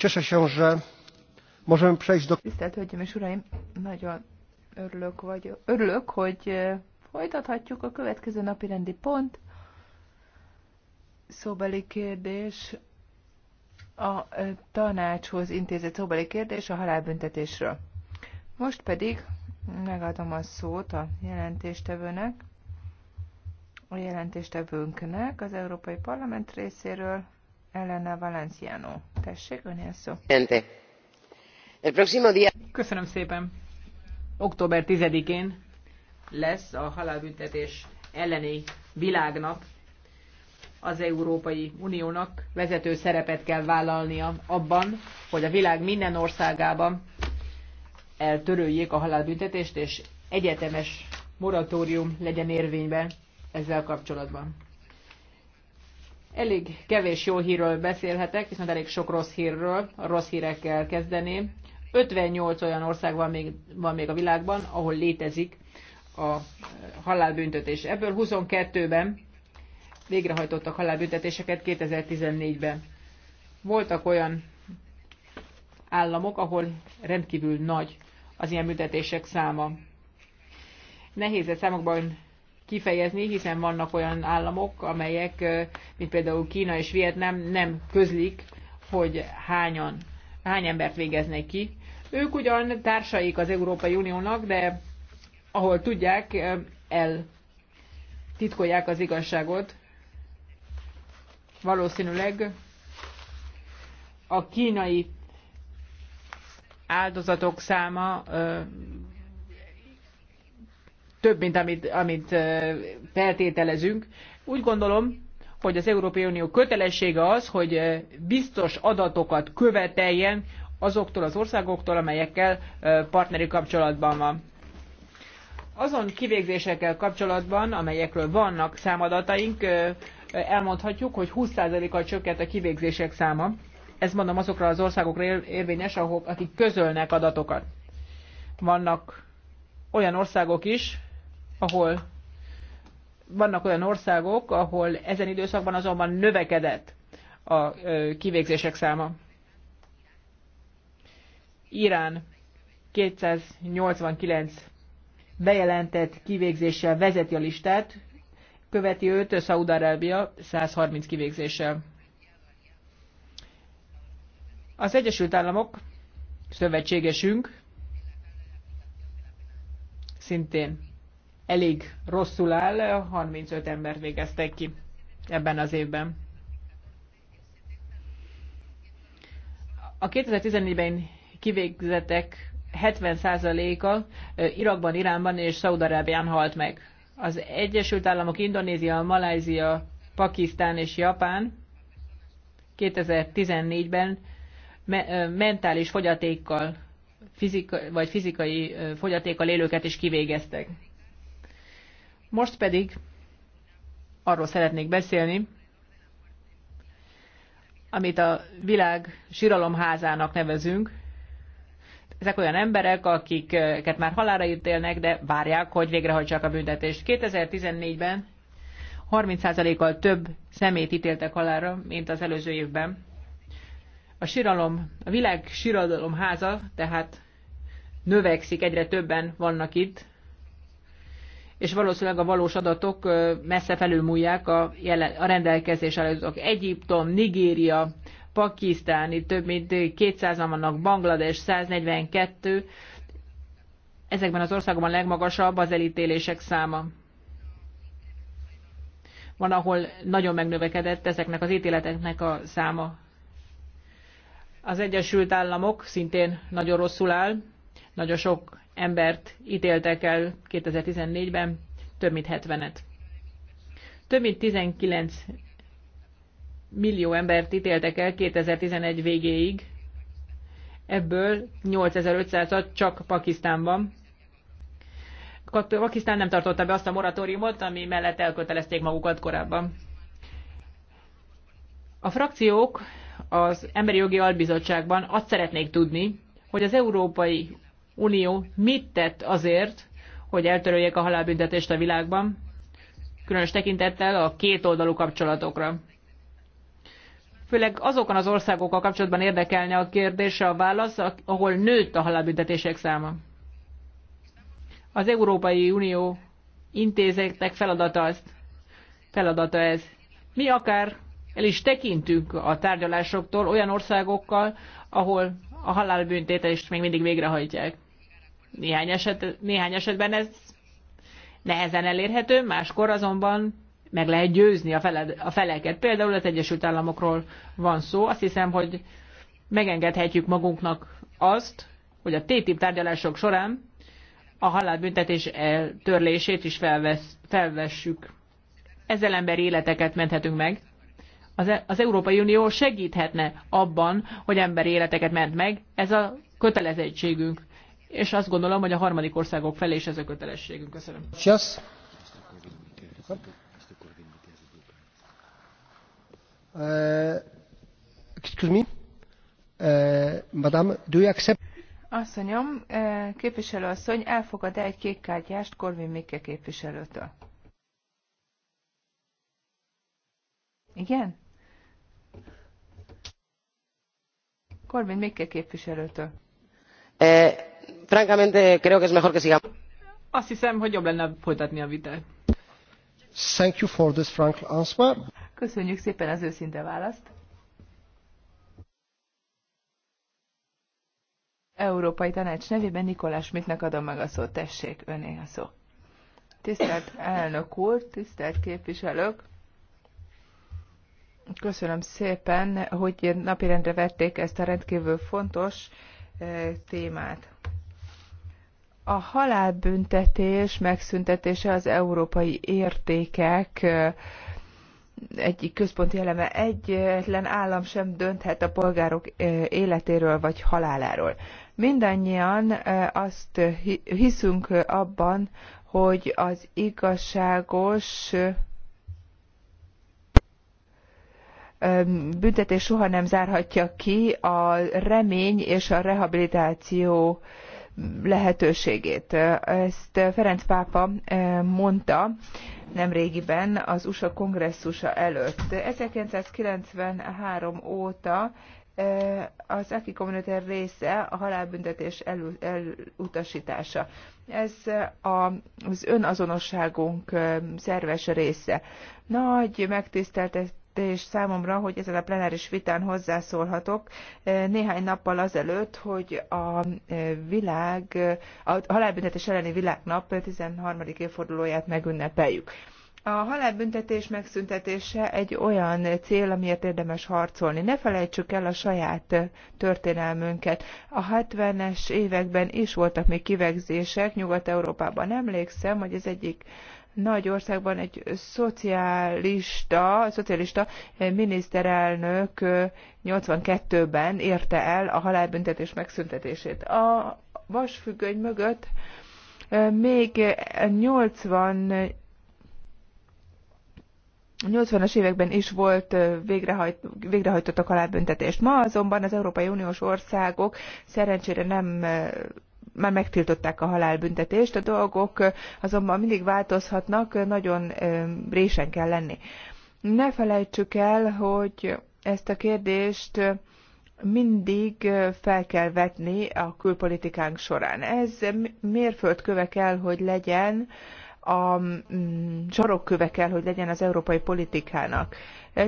Cieszę się, że możemy przejść do... Tisztelt Hölgyeim és Uraim, nagyon örülök, vagy, örülök, hogy e, folytathatjuk a következő napi rendi pont. Szóbeli kérdés a e, tanácshoz intézett szóbeli kérdés a halálbüntetésről. Most pedig megadom a szót a jelentéstevőnek, a jelentéstevőnknek az Európai Parlament részéről, Elena Valenciano. Tessék, önél szó. Köszönöm szépen. Október 10-én lesz a halálbüntetés elleni világnap. Az Európai Uniónak vezető szerepet kell vállalnia abban, hogy a világ minden országában eltöröljék a halálbüntetést, és egyetemes moratórium legyen érvényben ezzel kapcsolatban. Elég kevés jó hírről beszélhetek, viszont elég sok rossz hírről, a rossz hírekkel kezdeném. 58 olyan ország van még, van még a világban, ahol létezik a halálbüntetés. Ebből 22-ben végrehajtottak halálbüntetéseket 2014-ben. Voltak olyan államok, ahol rendkívül nagy az ilyen büntetések száma. Nehéz számokban kifejezni, hiszen vannak olyan államok, amelyek, mint például Kína és Vietnám nem közlik, hogy hányan, hány embert végeznek ki. Ők ugyan társaik az Európai Uniónak, de ahol tudják, el titkolják az igazságot. Valószínűleg a kínai áldozatok száma több, mint amit, amit feltételezünk. Úgy gondolom, hogy az Európai Unió kötelessége az, hogy biztos adatokat követeljen azoktól az országoktól, amelyekkel partneri kapcsolatban van. Azon kivégzésekkel kapcsolatban, amelyekről vannak számadataink, elmondhatjuk, hogy 20%-kal csökkent a kivégzések száma. Ez mondom azokra az országokra érvényes, akik közölnek adatokat. Vannak olyan országok is, ahol vannak olyan országok, ahol ezen időszakban azonban növekedett a kivégzések száma. Irán 289 bejelentett kivégzéssel vezeti a listát, követi őt Szaúd-Arábia 130 kivégzéssel. Az Egyesült Államok szövetségesünk szintén elég rosszul áll, 35 ember végeztek ki ebben az évben. A 2014-ben kivégzetek 70%-a Irakban, Iránban és Szaudarábián halt meg. Az Egyesült Államok, Indonézia, Malázia, Pakisztán és Japán 2014-ben me mentális fogyatékkal fizika, vagy fizikai fogyatékkal élőket is kivégeztek. Most pedig arról szeretnék beszélni, amit a világ síralomházának nevezünk. Ezek olyan emberek, akiket már halára ítélnek, de várják, hogy végrehajtsák a büntetést. 2014-ben 30%-kal több szemét ítéltek halára, mint az előző évben. A síralom, a világ síralomháza, tehát növekszik, egyre többen vannak itt, és valószínűleg a valós adatok messze felülmúlják a, jelen, a rendelkezés adatok. Egyiptom, Nigéria, Pakisztán, itt több mint 200-an vannak, Banglades 142, ezekben az országokban legmagasabb az elítélések száma. Van, ahol nagyon megnövekedett ezeknek az ítéleteknek a száma. Az Egyesült Államok szintén nagyon rosszul áll, nagyon sok embert ítéltek el 2014-ben, több mint 70-et. Több mint 19 millió embert ítéltek el 2011 végéig, ebből 8500-at csak Pakisztánban. Pakisztán nem tartotta be azt a moratóriumot, ami mellett elkötelezték magukat korábban. A frakciók az Emberi Jogi Albizottságban azt szeretnék tudni, hogy az Európai Unió mit tett azért, hogy eltöröljék a halálbüntetést a világban, különös tekintettel a kétoldalú kapcsolatokra. Főleg azokon az országokkal kapcsolatban érdekelne a kérdése a válasz, ahol nőtt a halálbüntetések száma. Az Európai Unió intézetek feladata, azt, feladata ez. Mi akár el is tekintünk a tárgyalásoktól olyan országokkal, ahol a halálbüntetést még mindig végrehajtják. Néhány, eset, néhány esetben ez nehezen elérhető, máskor azonban meg lehet győzni a, feled, a feleket. Például az Egyesült Államokról van szó. Azt hiszem, hogy megengedhetjük magunknak azt, hogy a TTIP tárgyalások során a halálbüntetés törlését is felvesz, felvessük. Ezzel emberi életeket menthetünk meg az, e- az Európai Unió segíthetne abban, hogy emberi életeket ment meg. Ez a kötelezettségünk. És azt gondolom, hogy a harmadik országok felé is ez a kötelességünk. Köszönöm. Yes. Uh, eh, excuse me. Eh, madame, do you accept? Asszonyom, eh, képviselőasszony, elfogad-e egy kártyást Korvin Mikke képviselőtől? Igen? Korbin kell képviselőtől. Eh, francamente, creo que es mejor que sigamos. Azt hiszem, hogy jobb lenne folytatni a vitát. Thank you for this frank answer. Köszönjük szépen az őszinte választ. Európai Tanács nevében Nikolás Schmidtnek adom meg a szót. Tessék, öné a szó. Tisztelt elnök úr, tisztelt képviselők! Köszönöm szépen, hogy napirendre vették ezt a rendkívül fontos eh, témát. A halálbüntetés megszüntetése az európai értékek eh, egyik központi eleme. Egyetlen állam sem dönthet a polgárok eh, életéről vagy haláláról. Mindannyian azt hiszünk abban, hogy az igazságos büntetés soha nem zárhatja ki a remény és a rehabilitáció lehetőségét. Ezt Ferenc pápa mondta nemrégiben az USA kongresszusa előtt. 1993 óta az Aki kommunitár része a halálbüntetés elutasítása. Ez a, az önazonosságunk szerves része. Nagy megtiszteltet, megtiszteltetés számomra, hogy ezen a plenáris vitán hozzászólhatok. E, néhány nappal azelőtt, hogy a e, világ, a halálbüntetés elleni világnap 13. évfordulóját megünnepeljük. A halálbüntetés megszüntetése egy olyan cél, amiért érdemes harcolni. Ne felejtsük el a saját történelmünket. A 70-es években is voltak még kivegzések Nyugat-Európában. Emlékszem, hogy az egyik nagy országban egy szocialista, szocialista miniszterelnök 82-ben érte el a halálbüntetés megszüntetését. A vasfüggöny mögött még 80 80-as években is volt végrehajt, a halálbüntetést. Ma azonban az Európai Uniós országok szerencsére nem már megtiltották a halálbüntetést, a dolgok azonban mindig változhatnak, nagyon résen kell lenni. Ne felejtsük el, hogy ezt a kérdést mindig fel kell vetni a külpolitikánk során. Ez mérföldköve kell, hogy legyen, a sorokköve kell, hogy legyen az európai politikának.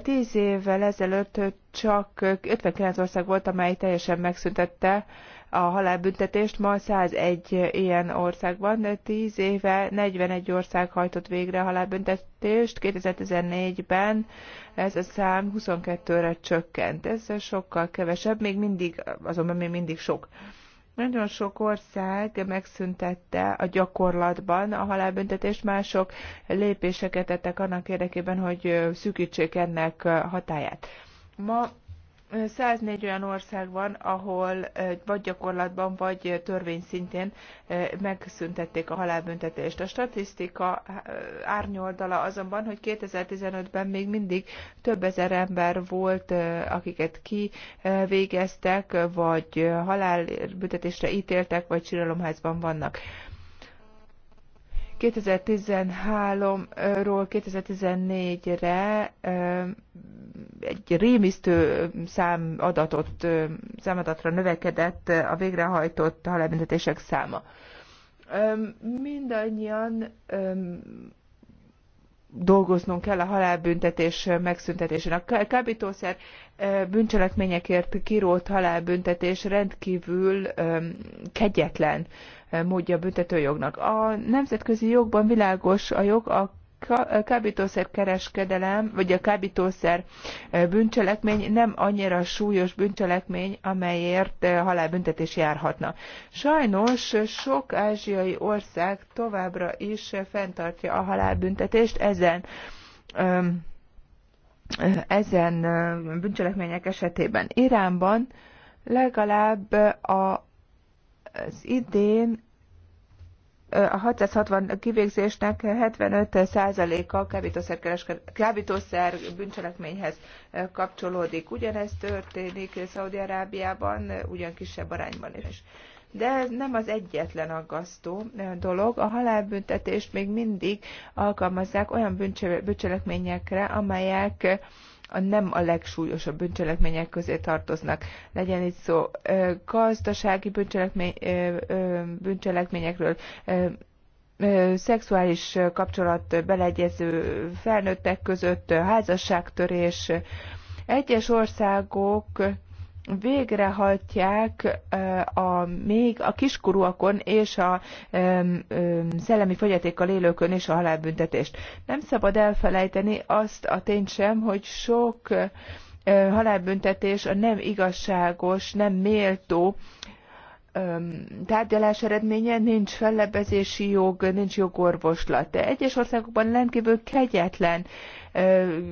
Tíz évvel ezelőtt csak 59 ország volt, amely teljesen megszüntette a halálbüntetést, ma 101 ilyen ország van, 10 éve 41 ország hajtott végre a halálbüntetést, 2014-ben ez a szám 22-re csökkent. Ez sokkal kevesebb, még mindig, azonban még mindig sok. Nagyon sok ország megszüntette a gyakorlatban a halálbüntetést, mások lépéseket tettek annak érdekében, hogy szűkítsék ennek hatáját. Ma 104 olyan ország van, ahol vagy gyakorlatban, vagy törvény szintén megszüntették a halálbüntetést. A statisztika árnyoldala azonban, hogy 2015-ben még mindig több ezer ember volt, akiket kivégeztek, vagy halálbüntetésre ítéltek, vagy csiralomházban vannak. 2013-ról 2014-re egy rémisztő számadatot, számadatra növekedett a végrehajtott halálbüntetések száma. Mindannyian dolgoznunk kell a halálbüntetés megszüntetésén. A kábítószer bűncselekményekért kirót halálbüntetés rendkívül kegyetlen E, módja a büntetőjognak. A nemzetközi jogban világos a jog, a e, kábítószer kereskedelem, vagy a kábítószer e, bűncselekmény nem annyira súlyos bűncselekmény, amelyért halálbüntetés járhatna. Sajnos sok ázsiai ország továbbra is fenntartja a halálbüntetést ezen ezen bűncselekmények esetében. Iránban legalább a az idén a 660 kivégzésnek 75%-a kábítószer bűncselekményhez kapcsolódik. Ugyanez történik Szaudi-Arábiában, ugyan kisebb arányban is. De ez nem az egyetlen aggasztó dolog. A halálbüntetést még mindig alkalmazzák olyan bűncselekményekre, amelyek a nem a legsúlyosabb bűncselekmények közé tartoznak. Legyen itt szó gazdasági bűncselekmény, bűncselekményekről, szexuális kapcsolat beleegyező felnőttek között, házasságtörés. Egyes országok végrehajtják a, még a kiskorúakon és a szellemi fogyatékkal élőkön és a halálbüntetést. Nem szabad elfelejteni azt a tényt sem, hogy sok halálbüntetés a nem igazságos, nem méltó tárgyalás eredménye nincs fellebbezési jog, nincs jogorvoslat. De egyes országokban rendkívül kegyetlen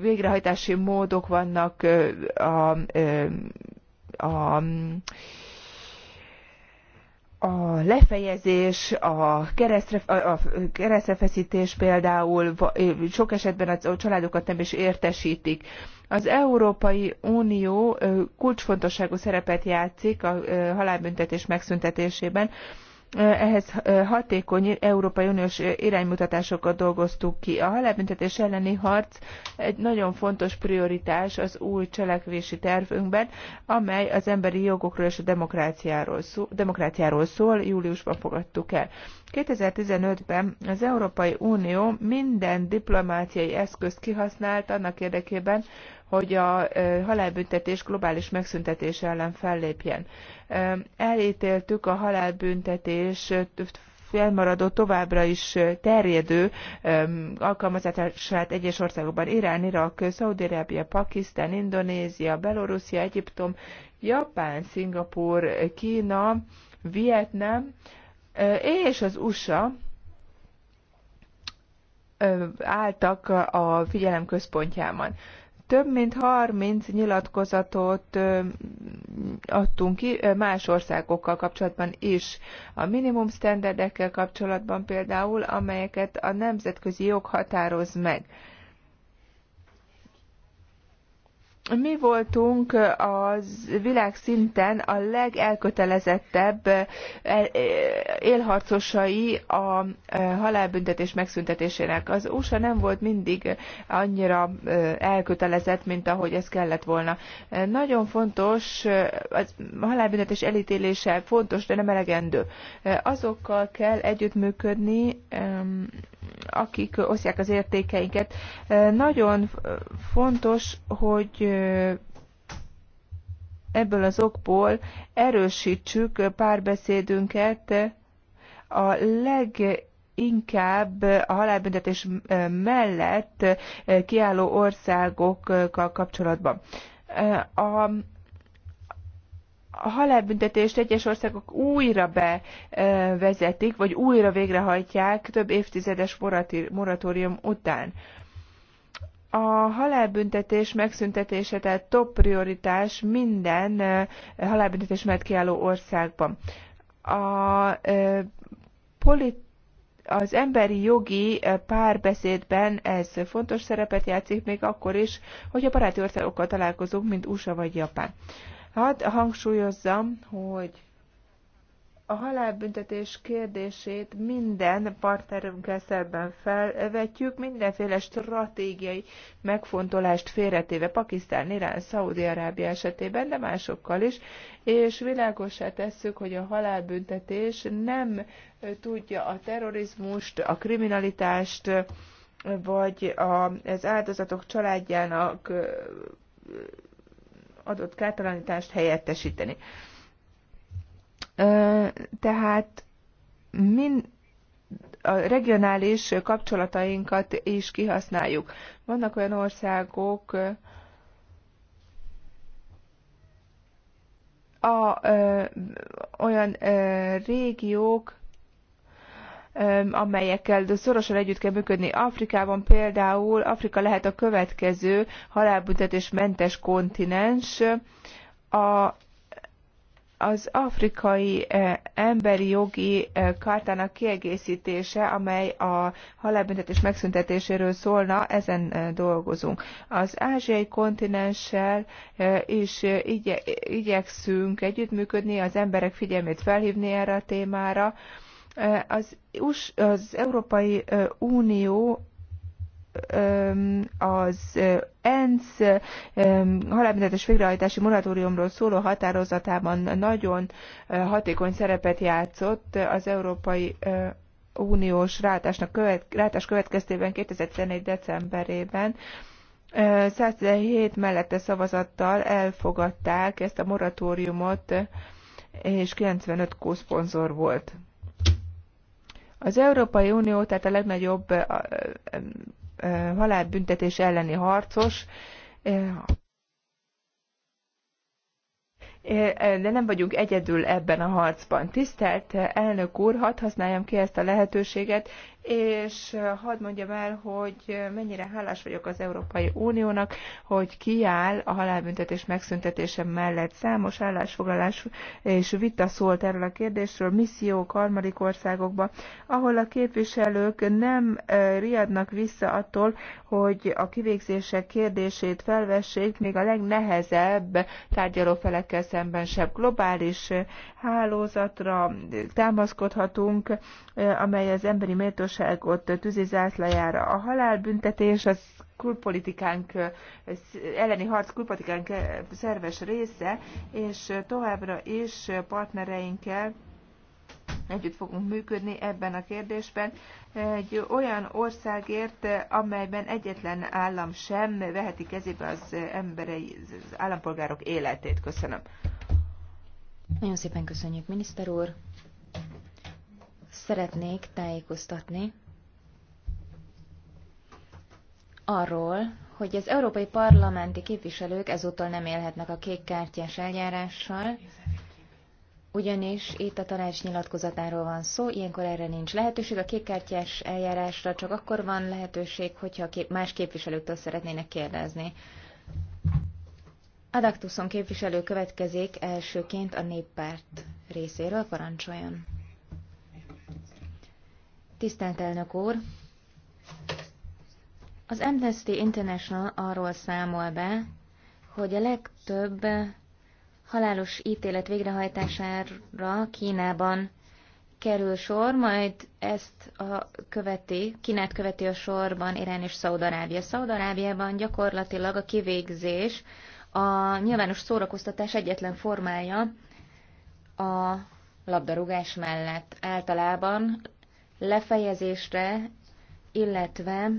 végrehajtási módok vannak a a a lefejezés, a, keresztre, a, a keresztrefeszítés például sok esetben a családokat nem is értesítik. Az Európai Unió kulcsfontosságú szerepet játszik a halálbüntetés megszüntetésében ehhez hatékony Európai Uniós iránymutatásokat dolgoztuk ki. A halálbüntetés elleni harc egy nagyon fontos prioritás az új cselekvési tervünkben, amely az emberi jogokról és a demokráciáról szól, demokráciáról szól júliusban fogadtuk el. 2015-ben az Európai Unió minden diplomáciai eszközt kihasznált annak érdekében, hogy a halálbüntetés globális megszüntetése ellen fellépjen. Elítéltük a halálbüntetés felmaradó, továbbra is terjedő alkalmazását egyes országokban. Irán, Irak, Szaudirábia, Pakisztán, Indonézia, Belorusszia, Egyiptom, Japán, Szingapur, Kína, Vietnám és az USA álltak a figyelem központjában. Több mint 30 nyilatkozatot adtunk ki más országokkal kapcsolatban is. A minimum standardekkel kapcsolatban például, amelyeket a nemzetközi jog határoz meg. mi voltunk az szinten a legelkötelezettebb eh, élharcosai a eh, halálbüntetés megszüntetésének. Az USA nem volt mindig annyira eh, elkötelezett, mint ahogy ez kellett volna. Nagyon fontos, a halálbüntetés elítélése fontos, de nem elegendő. Azokkal kell együttműködni, akik osztják az értékeinket. Nagyon fontos, hogy ebből az okból erősítsük párbeszédünket a leg inkább a halálbüntetés mellett kiálló országokkal kapcsolatban. A a halálbüntetést egyes országok újra bevezetik, vagy újra végrehajtják több évtizedes moratórium után. A halálbüntetés megszüntetése tehát top prioritás minden halálbüntetés mellett kiálló országban. A politikai az emberi jogi párbeszédben ez fontos szerepet játszik, még akkor is, hogy a baráti országokkal találkozunk, mint USA vagy Japán. Hát hangsúlyozzam, hogy a halálbüntetés kérdését minden partnerünkkel szemben felvetjük, mindenféle stratégiai megfontolást félretéve Pakisztán, Irán, Szaudi-Arábia esetében, de másokkal is, és világosá tesszük, hogy a halálbüntetés nem tudja a terrorizmust, a kriminalitást, vagy az áldozatok családjának adott kártalanítást helyettesíteni. Tehát mind a regionális kapcsolatainkat is kihasználjuk. Vannak olyan országok, a, ö, olyan ö, régiók, amelyekkel szorosan együtt kell működni. Afrikában például Afrika lehet a következő halálbüntetésmentes kontinens. A az afrikai e, emberi jogi e, kártának kiegészítése, amely a halálbüntetés megszüntetéséről szólna, ezen e, dolgozunk. Az ázsiai kontinenssel is igye, igyekszünk együttműködni, az emberek figyelmét felhívni erre a témára, az, US, az Európai Unió az ENSZ halálbüntetés végrehajtási moratóriumról szóló határozatában nagyon hatékony szerepet játszott az Európai Uniós rátásnak követ, rátás következtében 2011. decemberében 117 mellette szavazattal elfogadták ezt a moratóriumot, és 95 kószponzor volt. Az Európai Unió, tehát a legnagyobb halálbüntetés elleni harcos, de nem vagyunk egyedül ebben a harcban. Tisztelt elnök úr, hadd használjam ki ezt a lehetőséget, és hadd mondjam el, hogy mennyire hálás vagyok az Európai Uniónak, hogy kiáll a halálbüntetés megszüntetése mellett. Számos állásfoglalás és vita szólt erről a kérdésről, missziók harmadik országokba, ahol a képviselők nem riadnak vissza attól, hogy a kivégzések kérdését felvessék, még a legnehezebb tárgyalófelekkel szemben sem. Globális hálózatra támaszkodhatunk, amely az emberi méltóság méltányosságot tűzi zászlajára. A halálbüntetés az külpolitikánk elleni harc külpolitikánk szerves része, és továbbra is partnereinkkel együtt fogunk működni ebben a kérdésben. Egy olyan országért, amelyben egyetlen állam sem veheti kezébe az emberei, az állampolgárok életét. Köszönöm. Nagyon szépen köszönjük, miniszter úr szeretnék tájékoztatni arról, hogy az európai parlamenti képviselők ezúttal nem élhetnek a kékkártyás eljárással, ugyanis itt a tanács nyilatkozatáról van szó, ilyenkor erre nincs lehetőség. A kékkártyás eljárásra csak akkor van lehetőség, hogyha más képviselőktől szeretnének kérdezni. Adaktuszon képviselő következik elsőként a néppárt részéről, parancsoljon. Tisztelt elnök úr! Az Amnesty International arról számol be, hogy a legtöbb halálos ítélet végrehajtására Kínában kerül sor, majd ezt a követi, Kínát követi a sorban Irán és Szaudarábia. Szaudarábiában gyakorlatilag a kivégzés a nyilvános szórakoztatás egyetlen formája a labdarúgás mellett. Általában lefejezésre, illetve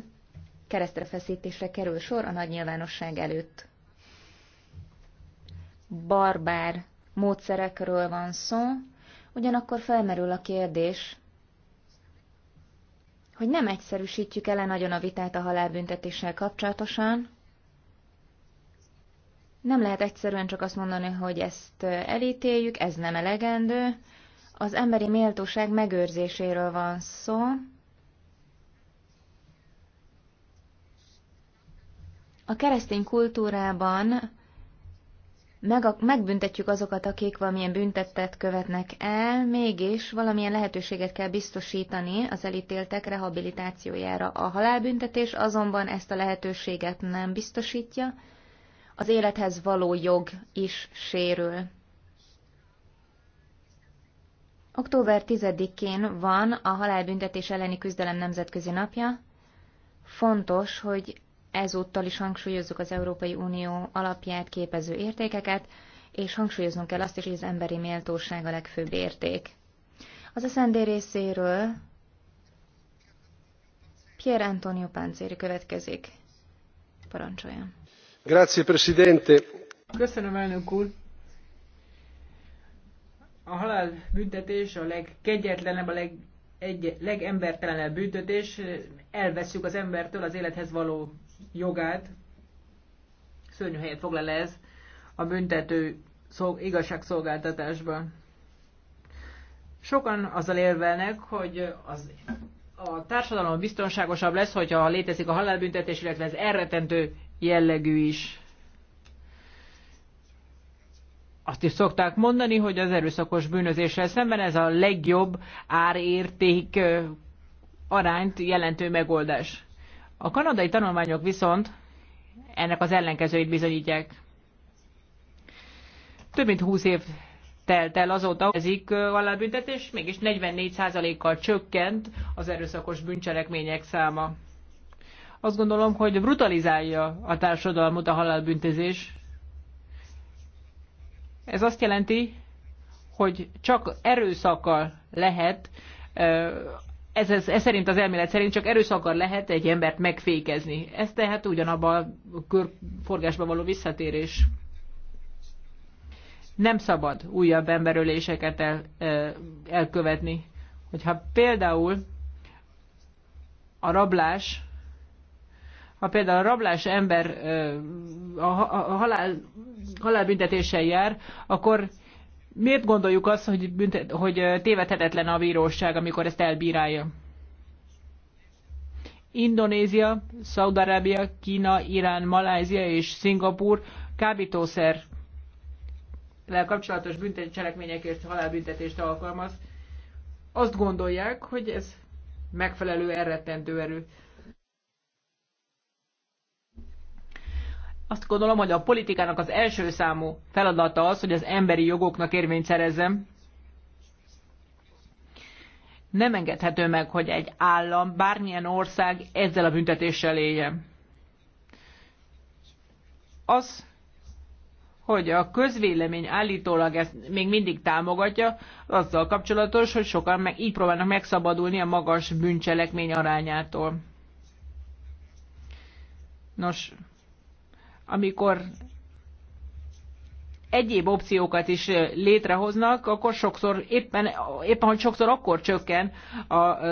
feszítésre kerül sor a nagy nyilvánosság előtt. Barbár módszerekről van szó, ugyanakkor felmerül a kérdés, hogy nem egyszerűsítjük el nagyon a vitát a halálbüntetéssel kapcsolatosan, nem lehet egyszerűen csak azt mondani, hogy ezt elítéljük, ez nem elegendő, az emberi méltóság megőrzéséről van szó. A keresztény kultúrában meg, megbüntetjük azokat, akik valamilyen büntettet követnek el, mégis valamilyen lehetőséget kell biztosítani az elítéltek rehabilitációjára. A halálbüntetés azonban ezt a lehetőséget nem biztosítja, az élethez való jog is sérül. Október 10-én van a halálbüntetés elleni küzdelem nemzetközi napja. Fontos, hogy ezúttal is hangsúlyozzuk az Európai Unió alapját képező értékeket, és hangsúlyoznunk kell azt is, hogy az emberi méltóság a legfőbb érték. Az SND részéről Pier Antonio Páncéri következik. Parancsoljon. Grazie, Presidente. Köszönöm, elnök úr a halál büntetés, a legkegyetlenebb, a leg, egy, legembertelenebb büntetés. Elveszük az embertől az élethez való jogát. Szörnyű helyet foglal ez a büntető szolg, igazságszolgáltatásban. Sokan azzal érvelnek, hogy az, a társadalom biztonságosabb lesz, hogyha létezik a halálbüntetés, illetve ez elretentő jellegű is. Azt is szokták mondani, hogy az erőszakos bűnözéssel szemben ez a legjobb árérték arányt jelentő megoldás. A kanadai tanulmányok viszont ennek az ellenkezőit bizonyítják. Több mint 20 év telt el azóta, ezik halálbüntetés, mégis 44%-kal csökkent az erőszakos bűncselekmények száma. Azt gondolom, hogy brutalizálja a társadalmat a halálbüntetés, ez azt jelenti, hogy csak erőszakkal lehet, ez, ez, ez szerint az elmélet szerint csak erőszakkal lehet egy embert megfékezni. Ez tehát ugyanabba a körforgásba való visszatérés. Nem szabad újabb emberöléseket el, elkövetni. Hogyha például a rablás ha például a rablás ember a halál, halálbüntetéssel jár, akkor miért gondoljuk azt, hogy, büntet, hogy tévedhetetlen a bíróság, amikor ezt elbírálja? Indonézia, Szaudarábia, Kína, Irán, Malázia és Szingapur kábítószer kapcsolatos cselekményekért halálbüntetést alkalmaz. Azt gondolják, hogy ez megfelelő elrettentő erő. Azt gondolom, hogy a politikának az első számú feladata az, hogy az emberi jogoknak érvényt szerezzem. Nem engedhető meg, hogy egy állam, bármilyen ország ezzel a büntetéssel élje. Az, hogy a közvélemény állítólag ezt még mindig támogatja, azzal kapcsolatos, hogy sokan meg, így próbálnak megszabadulni a magas bűncselekmény arányától. Nos, amikor egyéb opciókat is létrehoznak, akkor sokszor éppen, éppen hogy sokszor akkor csökken az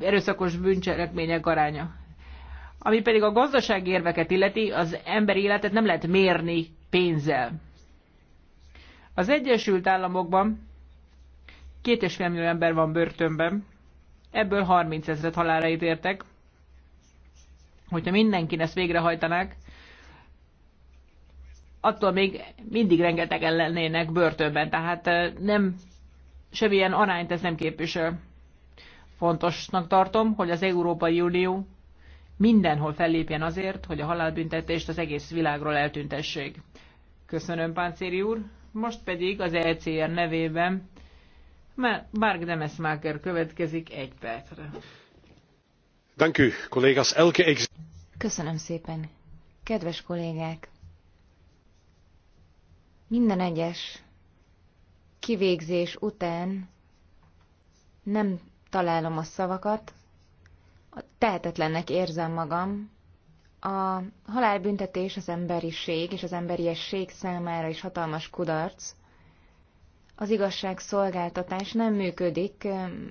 erőszakos bűncselekmények aránya. Ami pedig a gazdasági érveket illeti, az emberi életet nem lehet mérni pénzzel. Az Egyesült Államokban két és fél millió ember van börtönben, ebből 30 ezeret halára ítéltek. Hogyha mindenkin ezt végrehajtanák, attól még mindig rengetegen lennének börtönben, tehát nem semmilyen arányt ez nem képvisel. Fontosnak tartom, hogy az Európai Unió mindenhol fellépjen azért, hogy a halálbüntetést az egész világról eltüntessék. Köszönöm, Páncéri úr. Most pedig az ECR nevében Mark Demesmaker következik egy percre. Köszönöm szépen. Kedves kollégák, minden egyes kivégzés után nem találom a szavakat, tehetetlennek érzem magam. A halálbüntetés az emberiség és az emberiesség számára is hatalmas kudarc. Az igazságszolgáltatás nem működik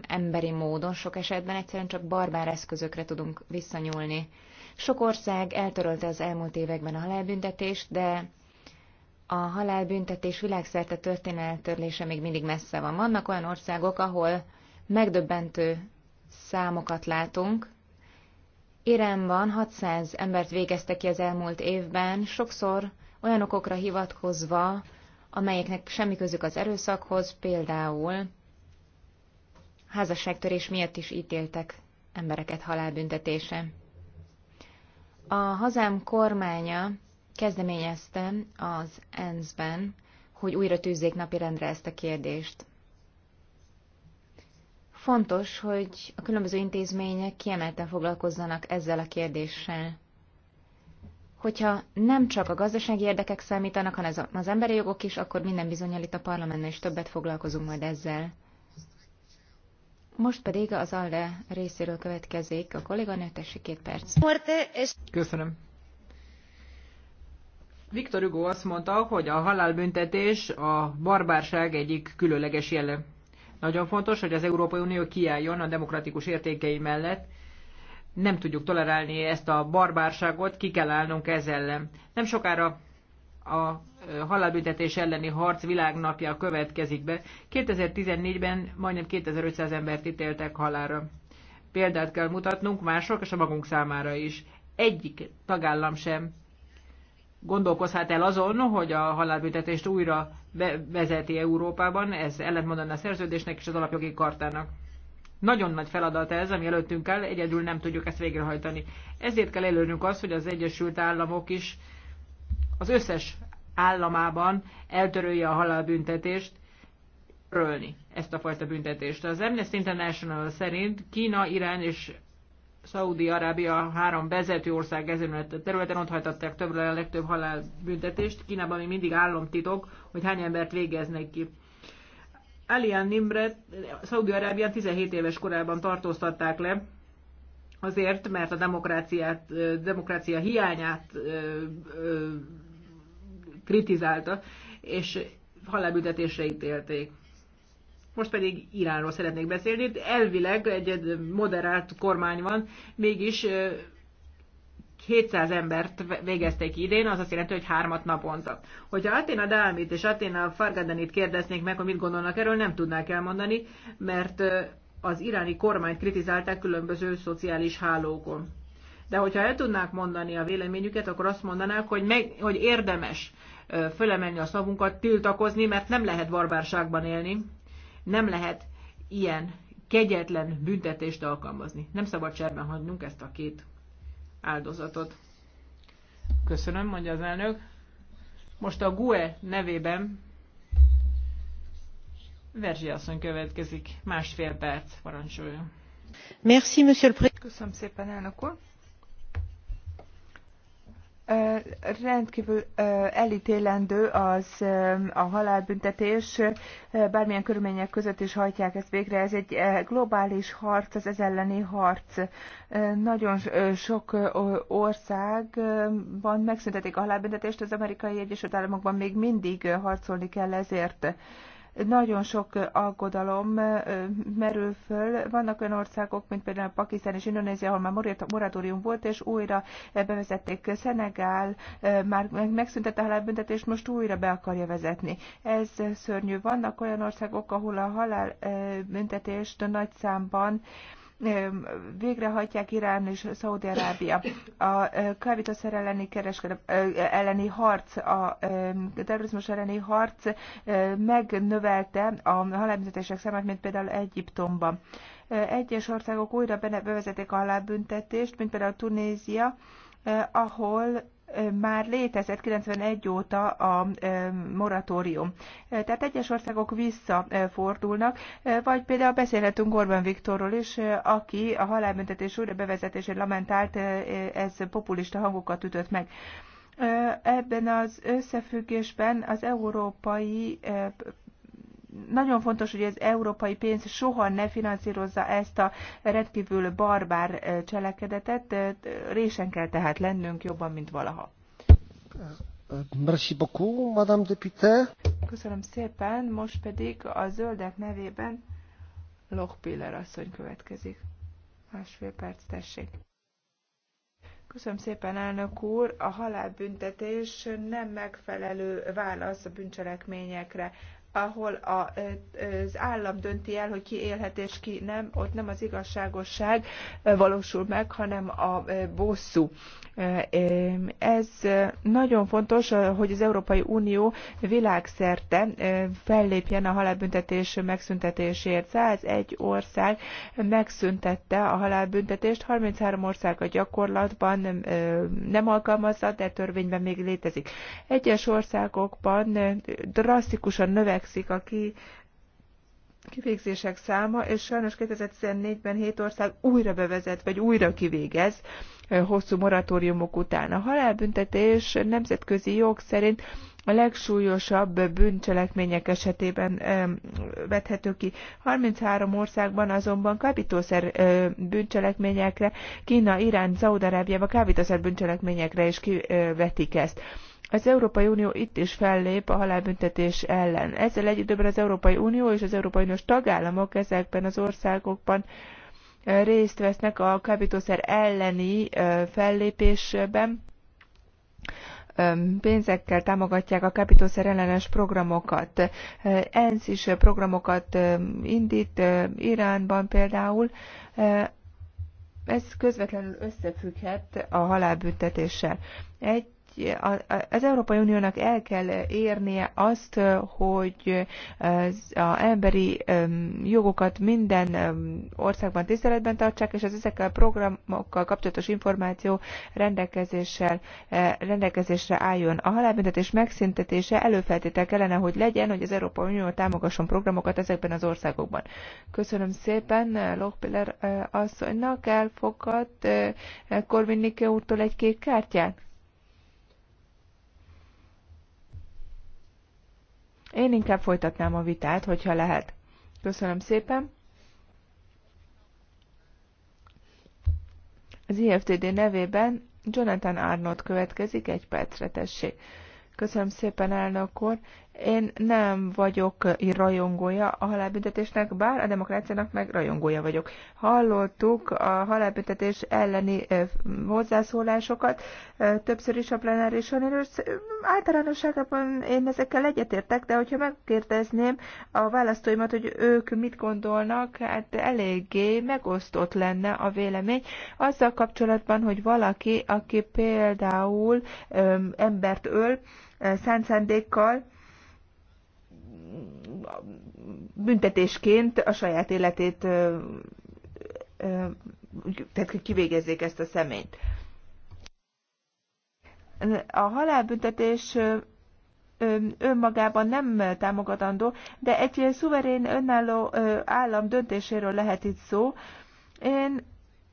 emberi módon, sok esetben egyszerűen csak barbár eszközökre tudunk visszanyúlni. Sok ország eltörölte az elmúlt években a halálbüntetést, de a halálbüntetés világszerte történelmi eltörlése még mindig messze van. Vannak olyan országok, ahol megdöbbentő számokat látunk. Iránban 600 embert végeztek ki az elmúlt évben, sokszor olyan okokra hivatkozva, amelyeknek semmi közük az erőszakhoz, például házasságtörés miatt is ítéltek embereket halálbüntetése. A hazám kormánya kezdeményezte az ENSZ-ben, hogy újra tűzzék rendre ezt a kérdést. Fontos, hogy a különböző intézmények kiemelten foglalkozzanak ezzel a kérdéssel. Hogyha nem csak a gazdasági érdekek számítanak, hanem az emberi jogok is, akkor minden bizonyal itt a parlamentnél is többet foglalkozunk majd ezzel. Most pedig az ALDE részéről következik a kolléganő, tessék két perc. Köszönöm. Viktor Hugo azt mondta, hogy a halálbüntetés a barbárság egyik különleges jele. Nagyon fontos, hogy az Európai Unió kiálljon a demokratikus értékei mellett. Nem tudjuk tolerálni ezt a barbárságot, ki kell állnunk ez ellen. Nem sokára a halálbüntetés elleni harc világnapja következik be. 2014-ben majdnem 2500 embert ítéltek halálra. Példát kell mutatnunk mások és a magunk számára is. Egyik tagállam sem gondolkozhat el azon, hogy a halálbüntetést újra vezeti Európában, ez ellentmondana a szerződésnek és az alapjogi kartának. Nagyon nagy feladat ez, ami előttünk áll, egyedül nem tudjuk ezt végrehajtani. Ezért kell előrnünk azt, hogy az Egyesült Államok is az összes államában eltörölje a halálbüntetést, rölni ezt a fajta büntetést. Az Amnesty International szerint Kína, Irán és Szaudi-Arábia három vezető ország ezen a területen, ott hajtatták többre a legtöbb halálbüntetést. Kínában még mindig titok, hogy hány embert végeznek ki. Alian Nimret Szaudi-Arábián 17 éves korában tartóztatták le, azért, mert a demokráciát, demokrácia hiányát ö, ö, kritizálta, és halálbüntetésre ítélték. Most pedig Iránról szeretnék beszélni. Itt elvileg egy moderált kormány van, mégis 700 embert végezték idén, az azt jelenti, hogy hármat naponta. Hogyha Aténa Dálmit és Aténa Fargadanit kérdeznék meg, hogy mit gondolnak erről, nem tudnák elmondani, mert az iráni kormányt kritizálták különböző szociális hálókon. De hogyha el tudnák mondani a véleményüket, akkor azt mondanák, hogy, meg, hogy érdemes fölemelni a szavunkat, tiltakozni, mert nem lehet barbárságban élni. Nem lehet ilyen kegyetlen büntetést alkalmazni. Nem szabad cserben hagynunk ezt a két áldozatot. Köszönöm, mondja az elnök. Most a GUE nevében Verzsi asszony következik. Másfél perc, parancsoljon. Merci, monsieur le Président. Köszönöm szépen, elnök úr. Rendkívül elítélendő az a halálbüntetés, bármilyen körülmények között is hajtják ezt végre. Ez egy globális harc, az ez elleni harc. Nagyon sok országban megszüntetik a halálbüntetést, az amerikai Egyesült Államokban még mindig harcolni kell ezért. Nagyon sok aggodalom merül föl. Vannak olyan országok, mint például Pakisztán és Indonézia, ahol már moratórium volt, és újra bevezették. Szenegál már megszüntette a halálbüntetést, most újra be akarja vezetni. Ez szörnyű. Vannak olyan országok, ahol a halálbüntetést nagy számban végrehajtják Irán és Szaudi-Arábia. A kábítószer elleni, elleni harc, a terrorizmus elleni harc megnövelte a halálbüntetések számát, mint például Egyiptomban. Egyes országok újra bevezetik a halálbüntetést, mint például Tunézia, ahol már létezett 91 óta a moratórium. Tehát egyes országok visszafordulnak, vagy például beszélhetünk Orbán Viktorról is, aki a halálbüntetés újra bevezetését lamentált, ez populista hangokat ütött meg. Ebben az összefüggésben az európai nagyon fontos, hogy az európai pénz soha ne finanszírozza ezt a rendkívül barbár cselekedetet, résen kell tehát lennünk jobban, mint valaha. Merci beaucoup, Madame Depute. Köszönöm szépen, most pedig a zöldek nevében Lochpiller asszony következik. Másfél perc, tessék. Köszönöm szépen, elnök úr. A halálbüntetés nem megfelelő válasz a bűncselekményekre ahol a, az állam dönti el, hogy ki élhet és ki nem, ott nem az igazságosság valósul meg, hanem a bosszú. Ez nagyon fontos, hogy az Európai Unió világszerte fellépjen a halálbüntetés megszüntetésért. 101 ország megszüntette a halálbüntetést, 33 ország a gyakorlatban nem, nem alkalmazza, de törvényben még létezik. Egyes országokban drasztikusan növel növekszik a ki, kivégzések száma, és sajnos 2014-ben 7 ország újra bevezet, vagy újra kivégez hosszú moratóriumok után. A halálbüntetés nemzetközi jog szerint a legsúlyosabb bűncselekmények esetében vethető ki. 33 országban azonban kábítószer bűncselekményekre, Kína, Irán, Zaudarábiában kábítószer bűncselekményekre is kivetik ezt. Az Európai Unió itt is fellép a halálbüntetés ellen. Ezzel egy időben az Európai Unió és az Európai Uniós tagállamok ezekben az országokban részt vesznek a kábítószer elleni fellépésben, pénzekkel támogatják a kábítószer ellenes programokat. ENSZ is programokat indít Iránban például. Ez közvetlenül összefügghet a halálbüntetéssel. Egy az Európai Uniónak el kell érnie azt, hogy az a emberi jogokat minden országban tiszteletben tartsák, és az ezekkel a programokkal kapcsolatos információ rendelkezéssel, e, rendelkezésre álljon. A halálbüntetés megszüntetése előfeltétel kellene, hogy legyen, hogy az Európai Unió támogasson programokat ezekben az országokban. Köszönöm szépen Lochpiller asszonynak, elfogadt Korvin Nike úrtól egy kék kártyát. Én inkább folytatnám a vitát, hogyha lehet. Köszönöm szépen. Az IFTD nevében Jonathan Arnold következik, egy percre tessék. Köszönöm szépen, elnök úr. Én nem vagyok rajongója a halálbüntetésnek, bár a demokráciának meg rajongója vagyok. Hallottuk a halálbüntetés elleni hozzászólásokat többször is a plenárison. Általánosságában én ezekkel egyetértek, de hogyha megkérdezném a választóimat, hogy ők mit gondolnak, hát eléggé megosztott lenne a vélemény azzal kapcsolatban, hogy valaki, aki például embert öl, szánszándékkal, szándékkal, büntetésként a saját életét, tehát hogy kivégezzék ezt a személyt. A halálbüntetés önmagában nem támogatandó, de egy szuverén, önálló állam döntéséről lehet itt szó. Én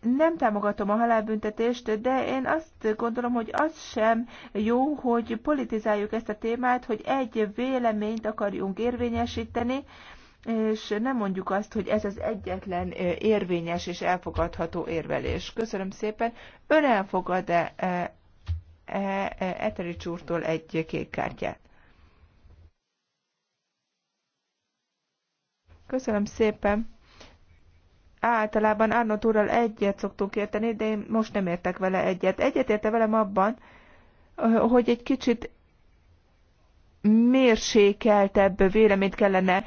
nem támogatom a halálbüntetést, de én azt gondolom, hogy az sem jó, hogy politizáljuk ezt a témát, hogy egy véleményt akarjunk érvényesíteni, és nem mondjuk azt, hogy ez az egyetlen érvényes és elfogadható érvelés. Köszönöm szépen. Ön elfogad-e e, e, Eterics csúrtól egy kék kártyát? Köszönöm szépen általában Arnott úrral egyet szoktunk érteni, de én most nem értek vele egyet. Egyet érte velem abban, hogy egy kicsit mérsékeltebb véleményt kellene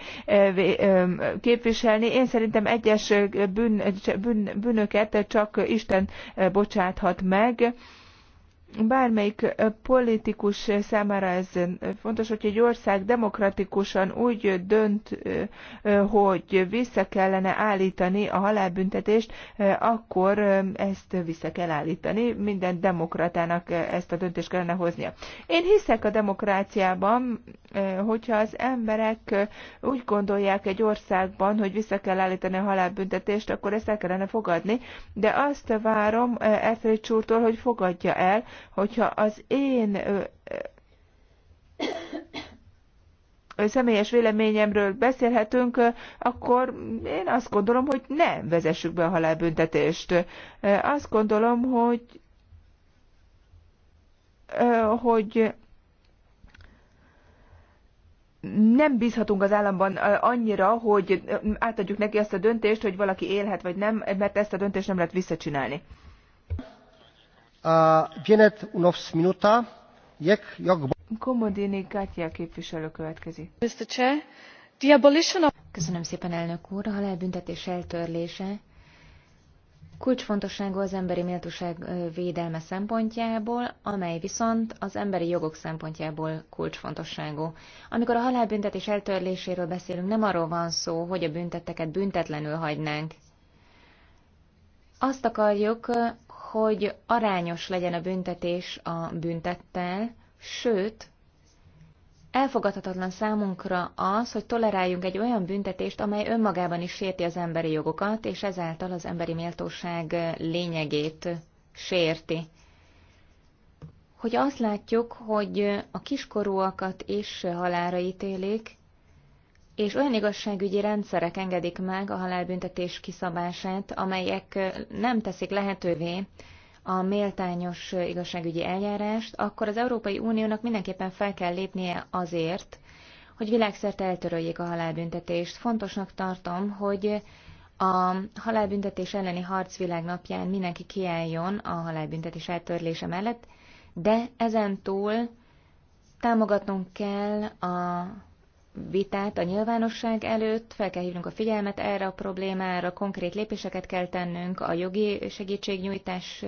képviselni. Én szerintem egyes bűn, bűn, bűnöket csak Isten bocsáthat meg bármelyik politikus számára ez fontos, hogy egy ország demokratikusan úgy dönt, hogy vissza kellene állítani a halálbüntetést, akkor ezt vissza kell állítani. Minden demokratának ezt a döntést kellene hoznia. Én hiszek a demokráciában, hogyha az emberek úgy gondolják egy országban, hogy vissza kell állítani a halálbüntetést, akkor ezt el kellene fogadni, de azt várom Erfried Csúrtól, hogy fogadja el, Hogyha az én személyes véleményemről beszélhetünk, akkor én azt gondolom, hogy ne vezessük be a halálbüntetést. Azt gondolom, hogy hogy nem bízhatunk az államban annyira, hogy átadjuk neki azt a döntést, hogy valaki élhet vagy nem, mert ezt a döntést nem lehet visszacsinálni. Komodini Kátya képviselő következik. Mr. Chair, the abolition of... Köszönöm szépen, elnök úr. A halálbüntetés eltörlése kulcsfontosságú az emberi méltóság védelme szempontjából, amely viszont az emberi jogok szempontjából kulcsfontosságú. Amikor a halálbüntetés eltörléséről beszélünk, nem arról van szó, hogy a büntetteket büntetlenül hagynánk. Azt akarjuk, hogy arányos legyen a büntetés a büntettel, sőt, elfogadhatatlan számunkra az, hogy toleráljunk egy olyan büntetést, amely önmagában is sérti az emberi jogokat, és ezáltal az emberi méltóság lényegét sérti. Hogy azt látjuk, hogy a kiskorúakat is halára ítélik, és olyan igazságügyi rendszerek engedik meg a halálbüntetés kiszabását, amelyek nem teszik lehetővé a méltányos igazságügyi eljárást, akkor az Európai Uniónak mindenképpen fel kell lépnie azért, hogy világszerte eltöröljék a halálbüntetést. Fontosnak tartom, hogy a halálbüntetés elleni harc világnapján mindenki kiálljon a halálbüntetés eltörlése mellett, de ezen túl támogatnunk kell a vitát a nyilvánosság előtt, fel kell hívnunk a figyelmet erre a problémára, konkrét lépéseket kell tennünk a jogi segítségnyújtás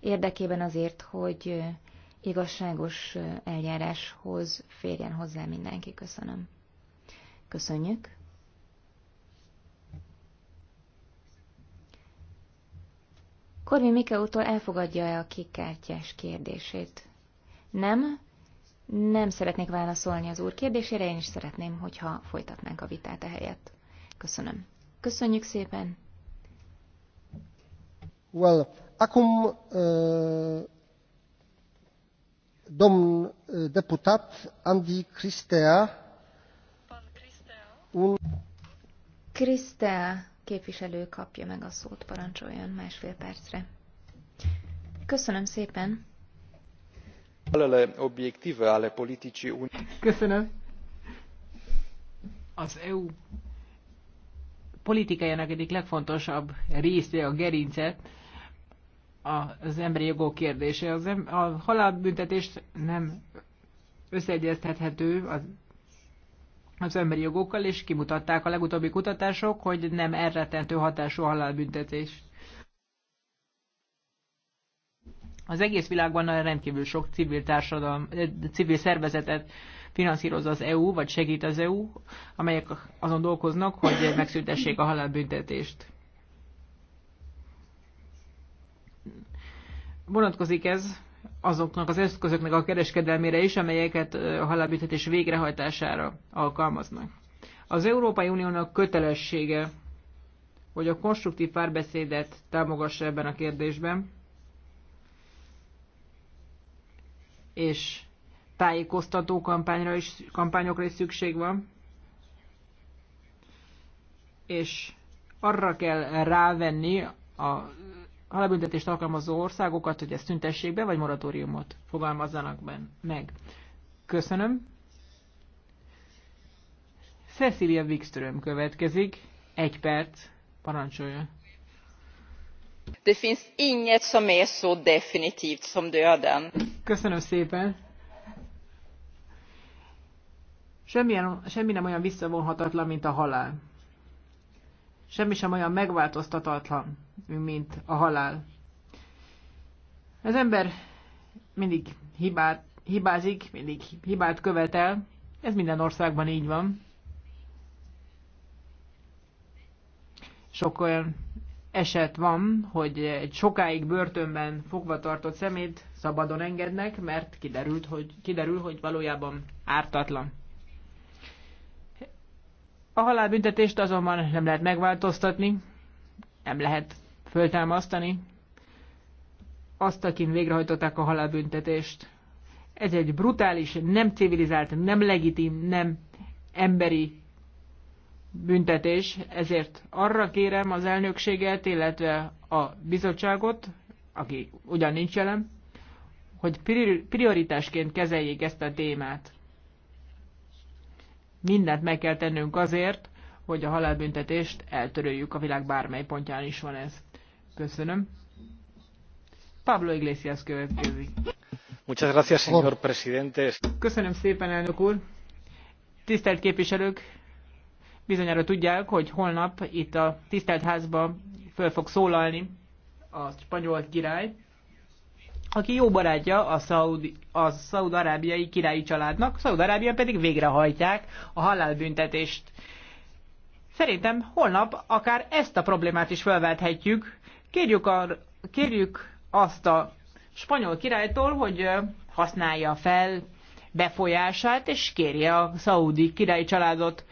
érdekében azért, hogy igazságos eljáráshoz férjen hozzá mindenki. Köszönöm. Köszönjük. Korvin Mikeutól elfogadja-e a kikártyás kérdését? Nem, nem szeretnék válaszolni az úr kérdésére, én is szeretném, hogyha folytatnánk a vitát ehelyett. Köszönöm. Köszönjük szépen. Well, acum uh, domn deputat Andy Cristea. Un... Cristea képviselő kapja meg a szót, parancsoljon másfél percre. Köszönöm szépen. Köszönöm. Az EU politikájának egyik legfontosabb része a gerincet, az emberi jogok kérdése. Az em- a halálbüntetés nem összeegyeztethető az, az emberi jogokkal, és kimutatták a legutóbbi kutatások, hogy nem elrettentő hatású halálbüntetés. Az egész világban rendkívül sok civil, társadalom, civil szervezetet finanszíroz az EU, vagy segít az EU, amelyek azon dolgoznak, hogy megszüntessék a halálbüntetést. Vonatkozik ez azoknak az eszközöknek a kereskedelmére is, amelyeket a halálbüntetés végrehajtására alkalmaznak. Az Európai Uniónak kötelessége, hogy a konstruktív párbeszédet támogassa ebben a kérdésben, és tájékoztató kampányra is, kampányokra is szükség van, és arra kell rávenni a halálbüntetést alkalmazó országokat, hogy ezt tüntessék be, vagy moratóriumot fogalmazzanak ben, meg. Köszönöm. Cecilia Wikström következik. Egy perc. Parancsolja. Det finns inget som är så definitivt som döden. Köszönöm szépen. Semmilyen, semmi nem olyan visszavonhatatlan, mint a halál. Semmi sem olyan megváltoztatatlan, mint a halál. Az ember mindig hibát, hibázik, mindig hibát követel. Ez minden országban így van. Sok olyan eset van, hogy egy sokáig börtönben fogva tartott szemét szabadon engednek, mert kiderült, hogy, kiderül, hogy valójában ártatlan. A halálbüntetést azonban nem lehet megváltoztatni, nem lehet föltámasztani. Azt, akin végrehajtották a halálbüntetést. Ez egy brutális, nem civilizált, nem legitim, nem emberi büntetés, ezért arra kérem az elnökséget, illetve a bizottságot, aki ugyan nincs jelen, hogy prioritásként kezeljék ezt a témát. Mindent meg kell tennünk azért, hogy a halálbüntetést eltöröljük a világ bármely pontján is van ez. Köszönöm. Pablo Iglesias következik. Muchas gracias, señor presidente. Köszönöm szépen, elnök úr. Tisztelt képviselők, Bizonyára tudják, hogy holnap itt a tisztelt házba föl fog szólalni a spanyol király, aki jó barátja a, szaudi, a szaudarábiai királyi családnak, Szaudarábia pedig végrehajtják a halálbüntetést. Szerintem holnap akár ezt a problémát is felvethetjük. Kérjük, a, kérjük azt a spanyol királytól, hogy használja fel befolyását, és kérje a szaudi királyi családot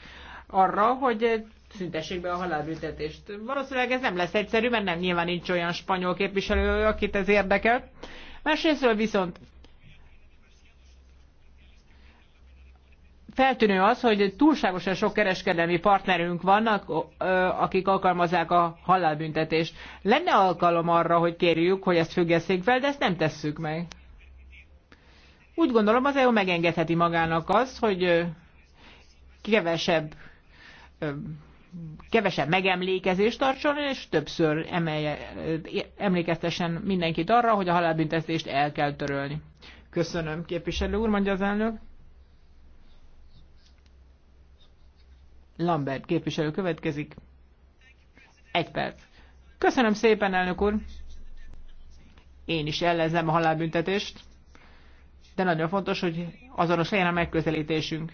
arra, hogy szüntessék be a halálbüntetést. Valószínűleg ez nem lesz egyszerű, mert nem nyilván nincs olyan spanyol képviselő, akit ez érdekel. Másrésztről viszont feltűnő az, hogy túlságosan sok kereskedelmi partnerünk vannak, akik alkalmazzák a halálbüntetést. Lenne alkalom arra, hogy kérjük, hogy ezt függesszék fel, de ezt nem tesszük meg. Úgy gondolom az EU megengedheti magának azt, hogy kevesebb kevesebb megemlékezést tartson, és többször emelje, emlékeztessen mindenkit arra, hogy a halálbüntetést el kell törölni. Köszönöm, képviselő úr, mondja az elnök. Lambert képviselő következik. Egy perc. Köszönöm szépen, elnök úr. Én is ellenzem a halálbüntetést, de nagyon fontos, hogy azonos legyen a megközelítésünk.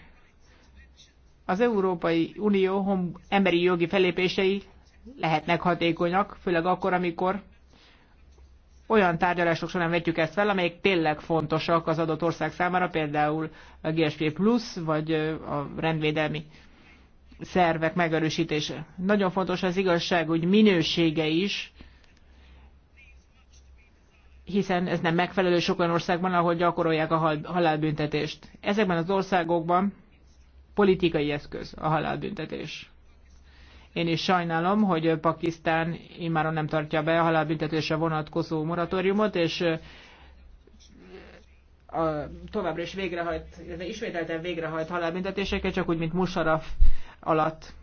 Az Európai Unió emberi jogi felépései lehetnek hatékonyak, főleg akkor, amikor olyan tárgyalások során vetjük ezt fel, amelyek tényleg fontosak az adott ország számára, például a GSP Plus, vagy a rendvédelmi szervek megerősítése. Nagyon fontos az igazság, hogy minősége is, hiszen ez nem megfelelő sok olyan országban, ahol gyakorolják a halálbüntetést. Ezekben az országokban politikai eszköz a halálbüntetés. Én is sajnálom, hogy Pakisztán immáron nem tartja be a halálbüntetésre vonatkozó moratóriumot, és a, továbbra is végrehajt, illetve ismételten végrehajt halálbüntetéseket, csak úgy, mint Musaraf alatt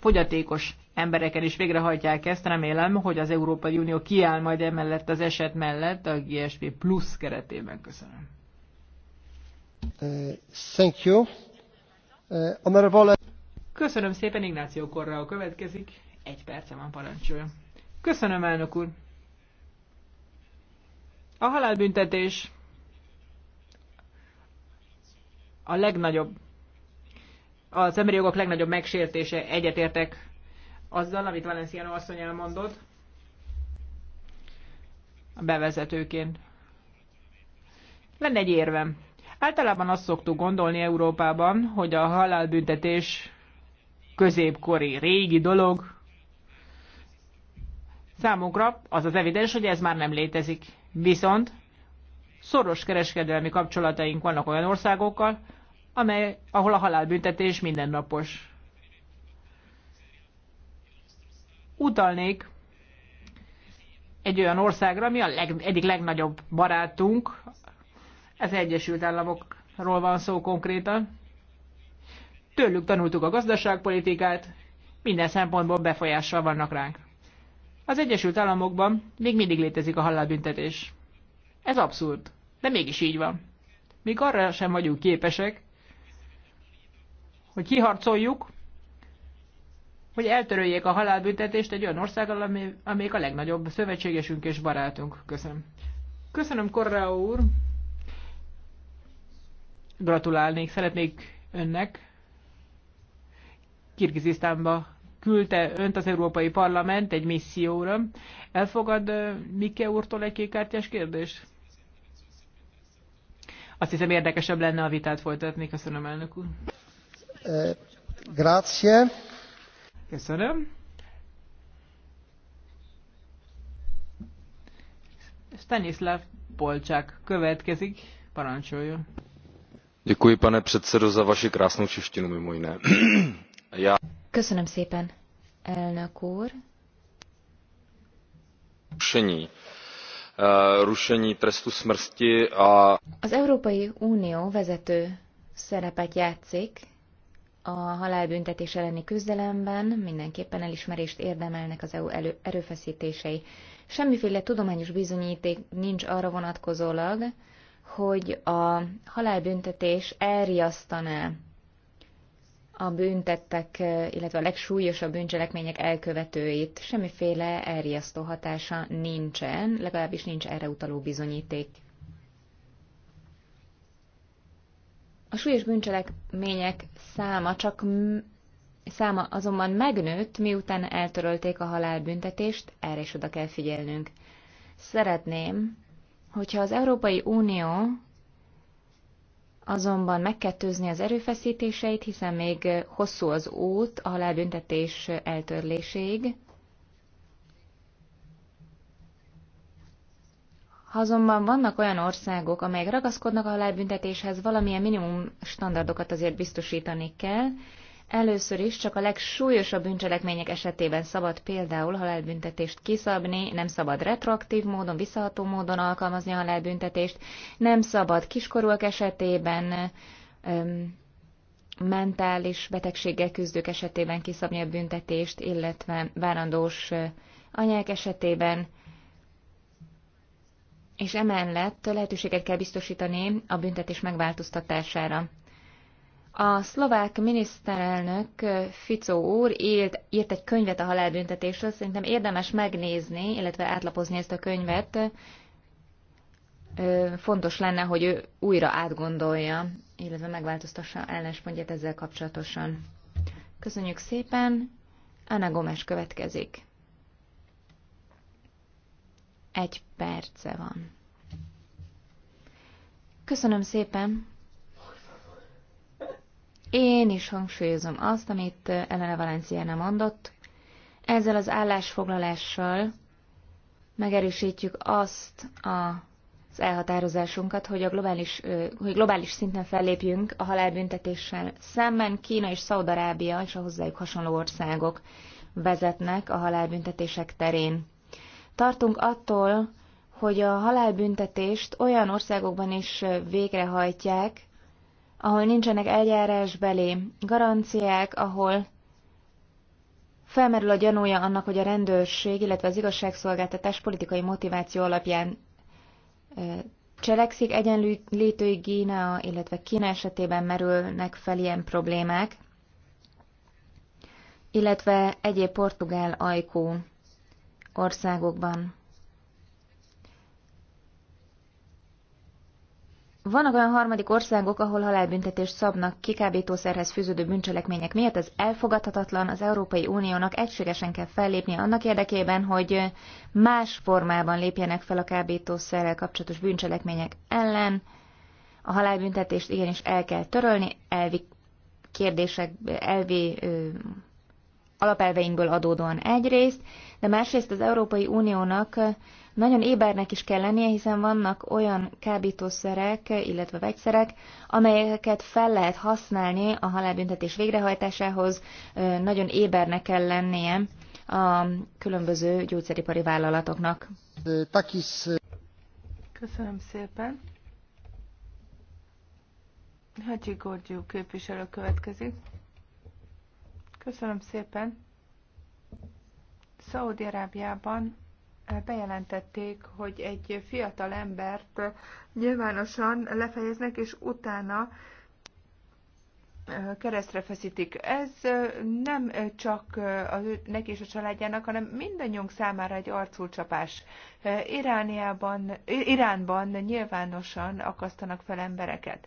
fogyatékos embereken is végrehajtják ezt. Remélem, hogy az Európai Unió kiáll majd emellett az eset mellett a GSP plusz keretében. Köszönöm. Eh, Köszönöm szépen, Ignáció Korral következik. Egy perce van parancsolja. Köszönöm, elnök úr. A halálbüntetés a legnagyobb, az emberi jogok legnagyobb megsértése egyetértek azzal, amit Valenciano asszony elmondott a bevezetőként. Lenne egy érvem. Általában azt szoktuk gondolni Európában, hogy a halálbüntetés középkori, régi dolog. Számunkra az az evidens, hogy ez már nem létezik. Viszont szoros kereskedelmi kapcsolataink vannak olyan országokkal, amely, ahol a halálbüntetés mindennapos. Utalnék egy olyan országra, ami a leg, egyik legnagyobb barátunk, az Egyesült Államokról van szó konkrétan. Tőlük tanultuk a gazdaságpolitikát, minden szempontból befolyással vannak ránk. Az Egyesült Államokban még mindig létezik a halálbüntetés. Ez abszurd, de mégis így van. Még arra sem vagyunk képesek, hogy kiharcoljuk, hogy eltöröljék a halálbüntetést egy olyan országgal, ami, amelyik a legnagyobb szövetségesünk és barátunk. Köszönöm. Köszönöm, Korrea úr gratulálnék, szeretnék önnek. Kirgizisztánba küldte önt az Európai Parlament egy misszióra. Elfogad Mike úrtól egy kékkártyás kérdést? Azt hiszem érdekesebb lenne a vitát folytatni. Köszönöm, elnök úr. Grazie. Köszönöm. Stanislav Polcsák következik. Parancsoljon pane předsedo za vaši krásnou češtinu mimo jiné. Köszönöm szépen, elnök úr. Rušení. Eh, rušení trestu smrti a... Az Európai Unió vezető szerepet játszik a halálbüntetés elleni küzdelemben, mindenképpen elismerést érdemelnek az EU elő, erőfeszítései. Semmiféle tudományos bizonyíték nincs arra vonatkozólag, hogy a halálbüntetés elriasztaná a büntettek, illetve a legsúlyosabb bűncselekmények elkövetőit. Semmiféle elriasztó hatása nincsen, legalábbis nincs erre utaló bizonyíték. A súlyos bűncselekmények száma csak száma azonban megnőtt, miután eltörölték a halálbüntetést, erre is oda kell figyelnünk. Szeretném, Hogyha az Európai Unió azonban megkettőzni az erőfeszítéseit, hiszen még hosszú az út a halálbüntetés eltörléséig, Ha azonban vannak olyan országok, amelyek ragaszkodnak a halálbüntetéshez, valamilyen minimum standardokat azért biztosítani kell, Először is csak a legsúlyosabb bűncselekmények esetében szabad például halálbüntetést kiszabni, nem szabad retroaktív módon, visszaható módon alkalmazni a halálbüntetést, nem szabad kiskorúak esetében, öm, mentális betegséggel küzdők esetében kiszabni a büntetést, illetve várandós anyák esetében, és emellett lehetőséget kell biztosítani a büntetés megváltoztatására. A szlovák miniszterelnök eh, Fico úr írt, írt egy könyvet a halálbüntetésről, szerintem érdemes megnézni, illetve átlapozni ezt a könyvet. Fontos lenne, hogy ő újra átgondolja, illetve megváltoztassa ellenspontját ezzel kapcsolatosan. Köszönjük szépen! Anna Gomes következik. Egy perce van. Köszönöm szépen! Én is hangsúlyozom azt, amit Elena Valenciana mondott. Ezzel az állásfoglalással megerősítjük azt a az elhatározásunkat, hogy a globális, hogy globális szinten fellépjünk a halálbüntetéssel szemben. Kína és Szaudarábia és a hozzájuk hasonló országok vezetnek a halálbüntetések terén. Tartunk attól, hogy a halálbüntetést olyan országokban is végrehajtják, ahol nincsenek eljárásbeli garanciák, ahol felmerül a gyanúja annak, hogy a rendőrség, illetve az igazságszolgáltatás politikai motiváció alapján cselekszik egyenlítői Gínea, illetve Kína esetében merülnek fel ilyen problémák, illetve egyéb portugál ajkú országokban. Vannak olyan harmadik országok, ahol halálbüntetést szabnak kikábítószerhez fűződő bűncselekmények miatt, ez elfogadhatatlan, az Európai Uniónak egységesen kell fellépni annak érdekében, hogy más formában lépjenek fel a kábítószerrel kapcsolatos bűncselekmények ellen. A halálbüntetést igenis el kell törölni, elvi kérdések, elvi ö, alapelveinkből adódóan egyrészt, de másrészt az Európai Uniónak nagyon ébernek is kell lennie, hiszen vannak olyan kábítószerek, illetve vegyszerek, amelyeket fel lehet használni a halálbüntetés végrehajtásához. Nagyon ébernek kell lennie a különböző gyógyszeripari vállalatoknak. Takis. Köszönöm szépen. Hagyi Gorgyú képviselő következik. Köszönöm szépen. Szaudi-Arábiában bejelentették, hogy egy fiatal embert nyilvánosan lefejeznek, és utána keresztre feszítik. Ez nem csak az, neki és a családjának, hanem mindannyiunk számára egy arculcsapás. Irániában, Iránban nyilvánosan akasztanak fel embereket.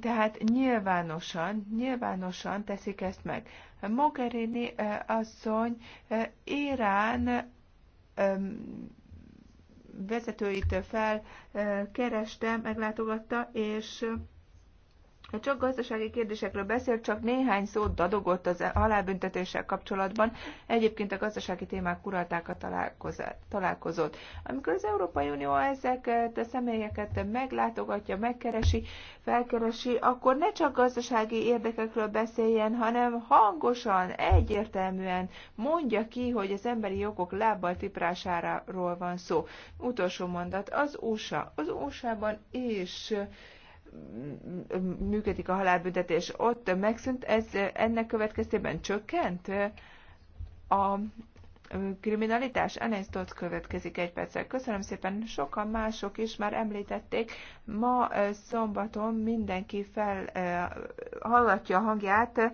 Tehát nyilvánosan, nyilvánosan teszik ezt meg. Mogherini asszony Irán vezetőit felkereste, meglátogatta, és ha csak gazdasági kérdésekről beszélt, csak néhány szót dadogott az halálbüntetéssel kapcsolatban, egyébként a gazdasági témák uralták a találkozót. Amikor az Európai Unió ezeket a személyeket meglátogatja, megkeresi, felkeresi, akkor ne csak gazdasági érdekekről beszéljen, hanem hangosan, egyértelműen mondja ki, hogy az emberi jogok lábbal tiprásáról van szó. Utolsó mondat, az USA. Az USA-ban is működik a halálbüntetés, ott megszűnt, ez ennek következtében csökkent a kriminalitás. Enes Dodds következik egy perccel. Köszönöm szépen, sokan mások is már említették. Ma szombaton mindenki fel hallatja a hangját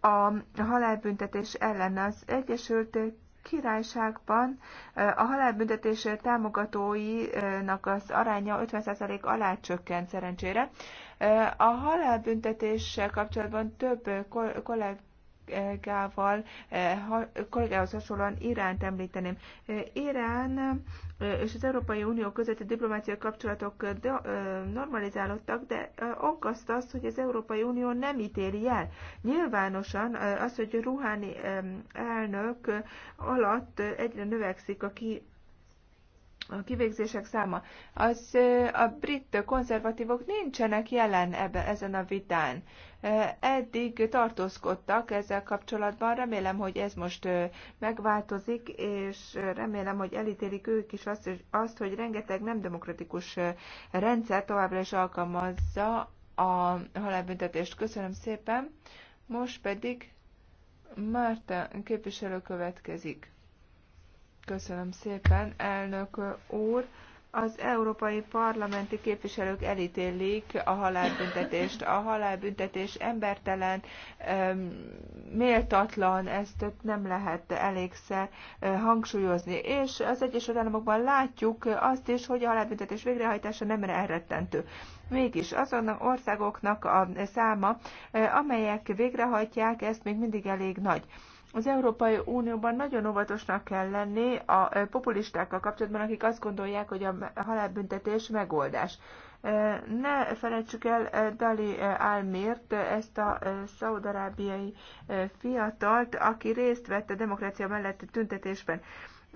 a halálbüntetés ellen az Egyesült Királyságban a halálbüntetés támogatóinak az aránya 50% alá csökkent szerencsére. A halálbüntetéssel kapcsolatban több kollégám kollégával, eh, kollégához hasonlóan Iránt említeném. Eh, Irán eh, és az Európai Unió közötti diplomáciai kapcsolatok normalizálódtak, de aggaszt az, hogy az Európai Unió nem ítéli el. Nyilvánosan az, hogy Ruháni elnök alatt egyre növekszik a ki a kivégzések száma. Az, a brit konzervatívok nincsenek jelen ebbe, ezen a vitán. Eddig tartózkodtak ezzel kapcsolatban, remélem, hogy ez most megváltozik, és remélem, hogy elítélik ők is azt, azt hogy rengeteg nem demokratikus rendszer továbbra is alkalmazza a halálbüntetést. Köszönöm szépen. Most pedig Márta képviselő következik. Köszönöm szépen, elnök úr. Az európai parlamenti képviselők elítélik a halálbüntetést. A halálbüntetés embertelen, méltatlan, ezt nem lehet elégszer eh, hangsúlyozni. És az Egyesült Államokban látjuk azt is, hogy a halálbüntetés végrehajtása nem elrettentő. Mégis azon országoknak a száma, eh, amelyek végrehajtják, ezt még mindig elég nagy. Az Európai Unióban nagyon óvatosnak kell lenni a populistákkal kapcsolatban, akik azt gondolják, hogy a halálbüntetés megoldás. Ne felejtsük el Dali Almért, ezt a szaudarábiai fiatalt, aki részt vett a demokrácia melletti tüntetésben.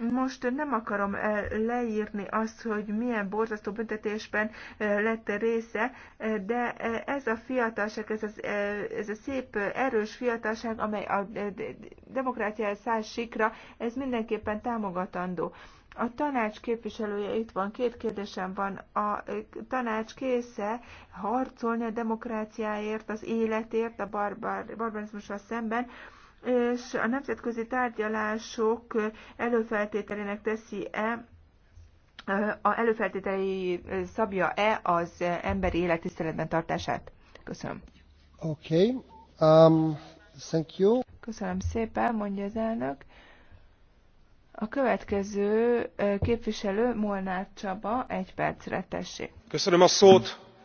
Most nem akarom eh, leírni azt, hogy milyen borzasztó büntetésben eh, lett része, eh, de ez a fiatalság, ez a, ez a szép, erős fiatalság, amely a demokrácia száz sikra, ez mindenképpen támogatandó. A tanács képviselője itt van, két kérdésem van. A tanács késze harcolni a demokráciáért, az életért, a barbar, szemben, és a nemzetközi tárgyalások előfeltételének teszi-e a előfeltételei szabja-e az emberi élet tiszteletben tartását? Köszönöm. Oké. Okay. Um, thank you. Köszönöm szépen, mondja az elnök. A következő képviselő Molnár Csaba, egy percre tessék. Köszönöm a szót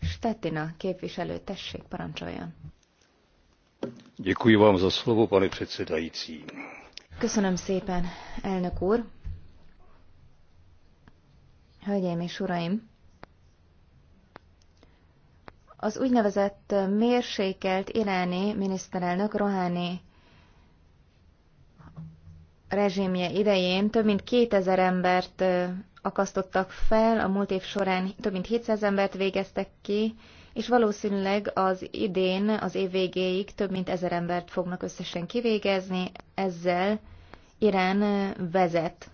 Stettina képviselő, tessék, parancsoljon. Děkuji vám za slovo, pane předsedající. Köszönöm szépen, elnök úr. Hölgyeim és uraim! Az úgynevezett mérsékelt iráni miniszterelnök Rohani rezsimje idején több mint 2000 embert akasztottak fel, a múlt év során több mint 700 embert végeztek ki, és valószínűleg az idén, az év végéig több mint ezer embert fognak összesen kivégezni, ezzel Irán vezet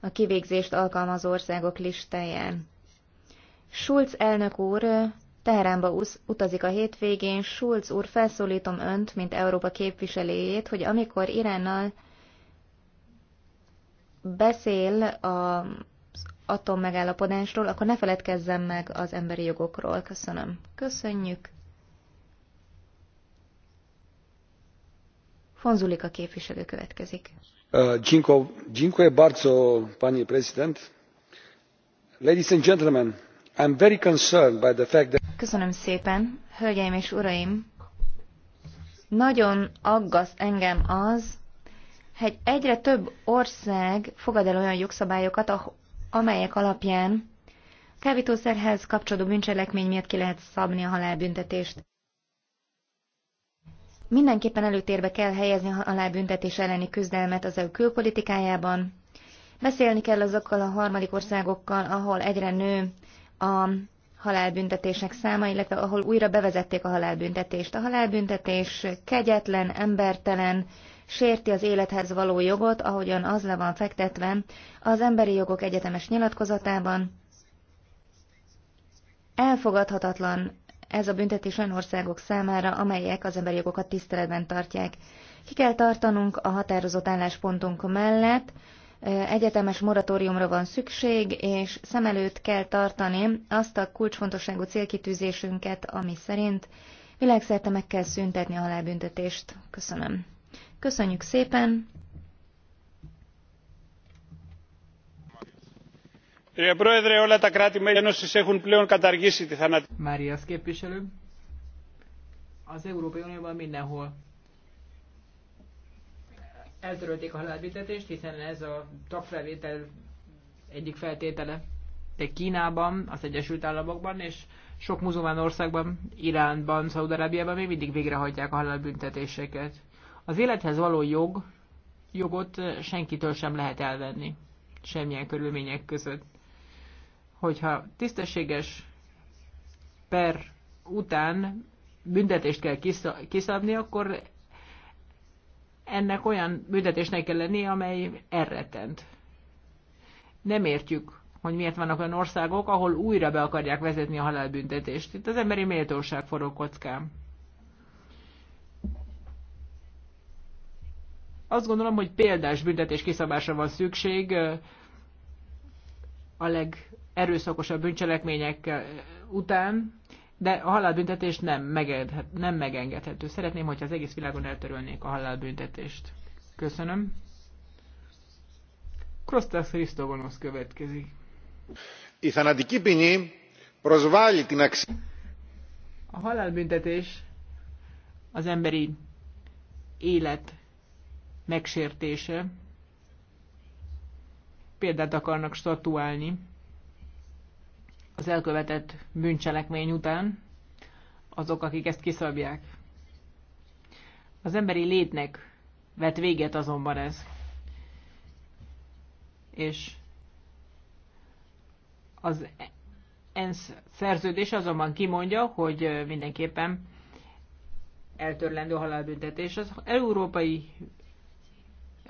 a kivégzést alkalmazó országok listáján. Schulz elnök úr Teheránba utazik a hétvégén. Schulz úr, felszólítom önt, mint Európa képviselőjét, hogy amikor Iránnal beszél a megállapodásról, akkor ne feledkezzem meg az emberi jogokról. Köszönöm. Köszönjük. Fonzulik a képviselő következik. Uh, dziękuję bardzo, pani president. Ladies and gentlemen, I'm very concerned by the fact that... Köszönöm szépen, hölgyeim és uraim. Nagyon aggaszt engem az, hogy egyre több ország fogad el olyan jogszabályokat, amelyek alapján kábítószerhez kapcsolódó bűncselekmény miatt ki lehet szabni a halálbüntetést. Mindenképpen előtérbe kell helyezni a halálbüntetés elleni küzdelmet az EU külpolitikájában. Beszélni kell azokkal a harmadik országokkal, ahol egyre nő a halálbüntetések száma, illetve ahol újra bevezették a halálbüntetést. A halálbüntetés kegyetlen, embertelen sérti az élethez való jogot, ahogyan az le van fektetve az Emberi Jogok Egyetemes nyilatkozatában. Elfogadhatatlan ez a büntetés olyan országok számára, amelyek az emberi jogokat tiszteletben tartják. Ki kell tartanunk a határozott álláspontunk mellett, egyetemes moratóriumra van szükség, és szem előtt kell tartani azt a kulcsfontosságú célkitűzésünket, ami szerint világszerte meg kell szüntetni a halálbüntetést. Köszönöm. Köszönjük szépen! Marias képviselő, az Európai Unióban mindenhol eltörölték a halálbüntetést, hiszen ez a tagfelvétel egyik feltétele. De Kínában, az Egyesült Államokban és sok muzulmán országban, Iránban, Szaudarábiában még mindig végrehajtják a halálbüntetéseket. Az élethez való jog, jogot senkitől sem lehet elvenni, semmilyen körülmények között. Hogyha tisztességes per után büntetést kell kiszabni, akkor ennek olyan büntetésnek kell lenni, amely erretent. Nem értjük, hogy miért vannak olyan országok, ahol újra be akarják vezetni a halálbüntetést. Itt az emberi méltóság forró kockán. Azt gondolom, hogy példás büntetés kiszabásra van szükség a legerőszakosabb bűncselekmények után, de a halálbüntetés nem, nem megengedhető. Szeretném, hogyha az egész világon eltörölnék a halálbüntetést. Köszönöm. Krosztász Hrisztogonosz következik. Η θανατική ποινή προσβάλλει την αξία. A halálbüntetés az emberi élet megsértése. Példát akarnak statuálni az elkövetett bűncselekmény után azok, akik ezt kiszabják. Az emberi létnek vett véget azonban ez. És az ENSZ szerződés azonban kimondja, hogy mindenképpen eltörlendő halálbüntetés. Az Európai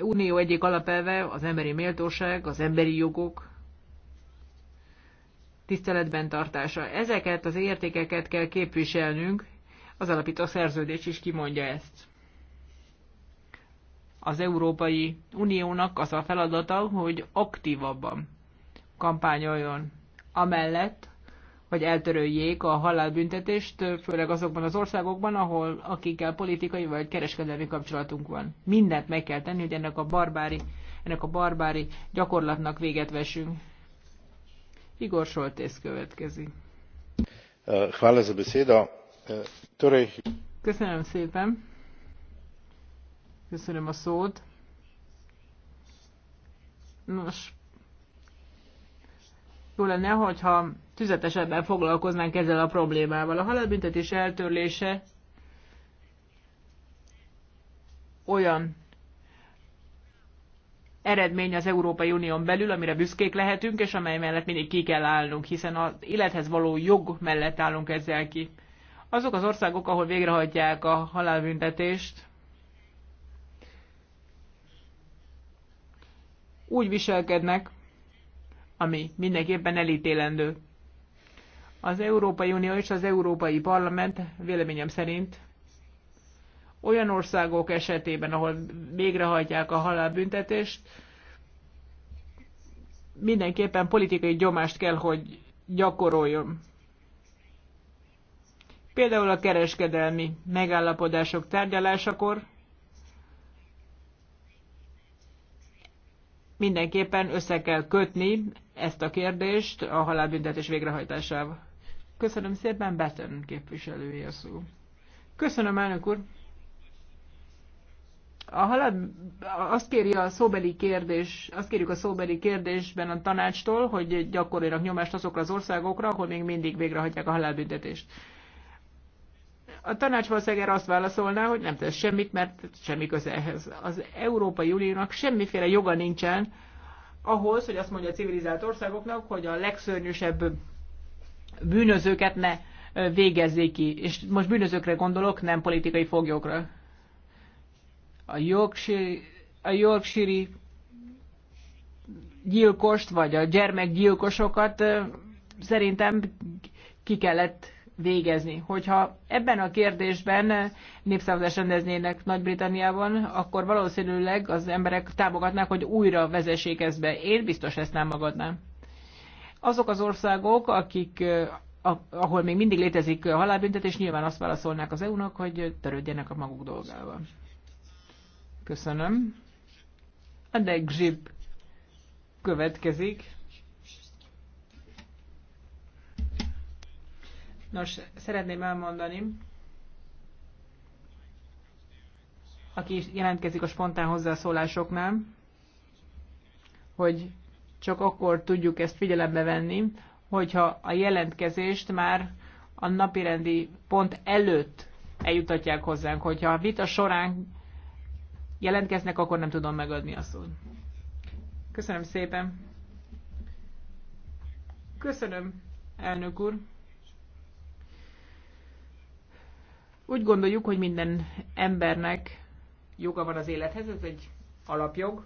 Unió egyik alapelve az emberi méltóság, az emberi jogok tiszteletben tartása. Ezeket az értékeket kell képviselnünk, az alapító szerződés is kimondja ezt. Az Európai Uniónak az a feladata, hogy aktívabban kampányoljon. Amellett, vagy eltöröljék a halálbüntetést, főleg azokban az országokban, ahol akikkel politikai vagy kereskedelmi kapcsolatunk van. Mindent meg kell tenni, hogy ennek a barbári, ennek a barbári gyakorlatnak véget vessünk. Igor Soltész következik. Eh, hvala za eh, Torej... Köszönöm szépen. Köszönöm a szót. Nos, jó lenne, hogyha tüzetesebben foglalkoznánk ezzel a problémával. A halálbüntetés eltörlése olyan eredmény az Európai Unión belül, amire büszkék lehetünk, és amely mellett mindig ki kell állnunk, hiszen az élethez való jog mellett állunk ezzel ki. Azok az országok, ahol végrehajtják a halálbüntetést, úgy viselkednek, ami mindenképpen elítélendő. Az Európai Unió és az Európai Parlament véleményem szerint olyan országok esetében, ahol végrehajtják a halálbüntetést, mindenképpen politikai gyomást kell, hogy gyakoroljon. Például a kereskedelmi megállapodások tárgyalásakor mindenképpen össze kell kötni ezt a kérdést a halálbüntetés végrehajtásával. Köszönöm szépen, Batten képviselője a szó. Köszönöm, elnök úr. A halad, azt kéri a szóbeli kérdés, azt kérjük a szóbeli kérdésben a tanácstól, hogy gyakorilag nyomást azokra az országokra, ahol még mindig végrehajtják a halálbüntetést. A tanács valószínűleg azt válaszolná, hogy nem tesz semmit, mert semmi köze ehhez. Az Európai Uniónak semmiféle joga nincsen ahhoz, hogy azt mondja a civilizált országoknak, hogy a legszörnyűsebb bűnözőket ne végezzék ki. És most bűnözőkre gondolok, nem politikai foglyokra. A Yorkshire, a Yorkshire gyilkost, vagy a gyermekgyilkosokat szerintem ki kellett végezni. Hogyha ebben a kérdésben népszavazást rendeznének Nagy-Britanniában, akkor valószínűleg az emberek támogatnák, hogy újra vezessék ezt be. Én biztos ezt nem magadnám. Azok az országok, akik, ahol még mindig létezik a halálbüntetés, nyilván azt válaszolnák az EU-nak, hogy törődjenek a maguk dolgával. Köszönöm. A Zsib következik. Nos, szeretném elmondani, aki jelentkezik a spontán hozzászólásoknál, hogy csak akkor tudjuk ezt figyelembe venni, hogyha a jelentkezést már a napirendi pont előtt eljutatják hozzánk. Hogyha a vita során jelentkeznek, akkor nem tudom megadni a szót. Köszönöm szépen. Köszönöm, elnök úr. Úgy gondoljuk, hogy minden embernek joga van az élethez, ez egy alapjog,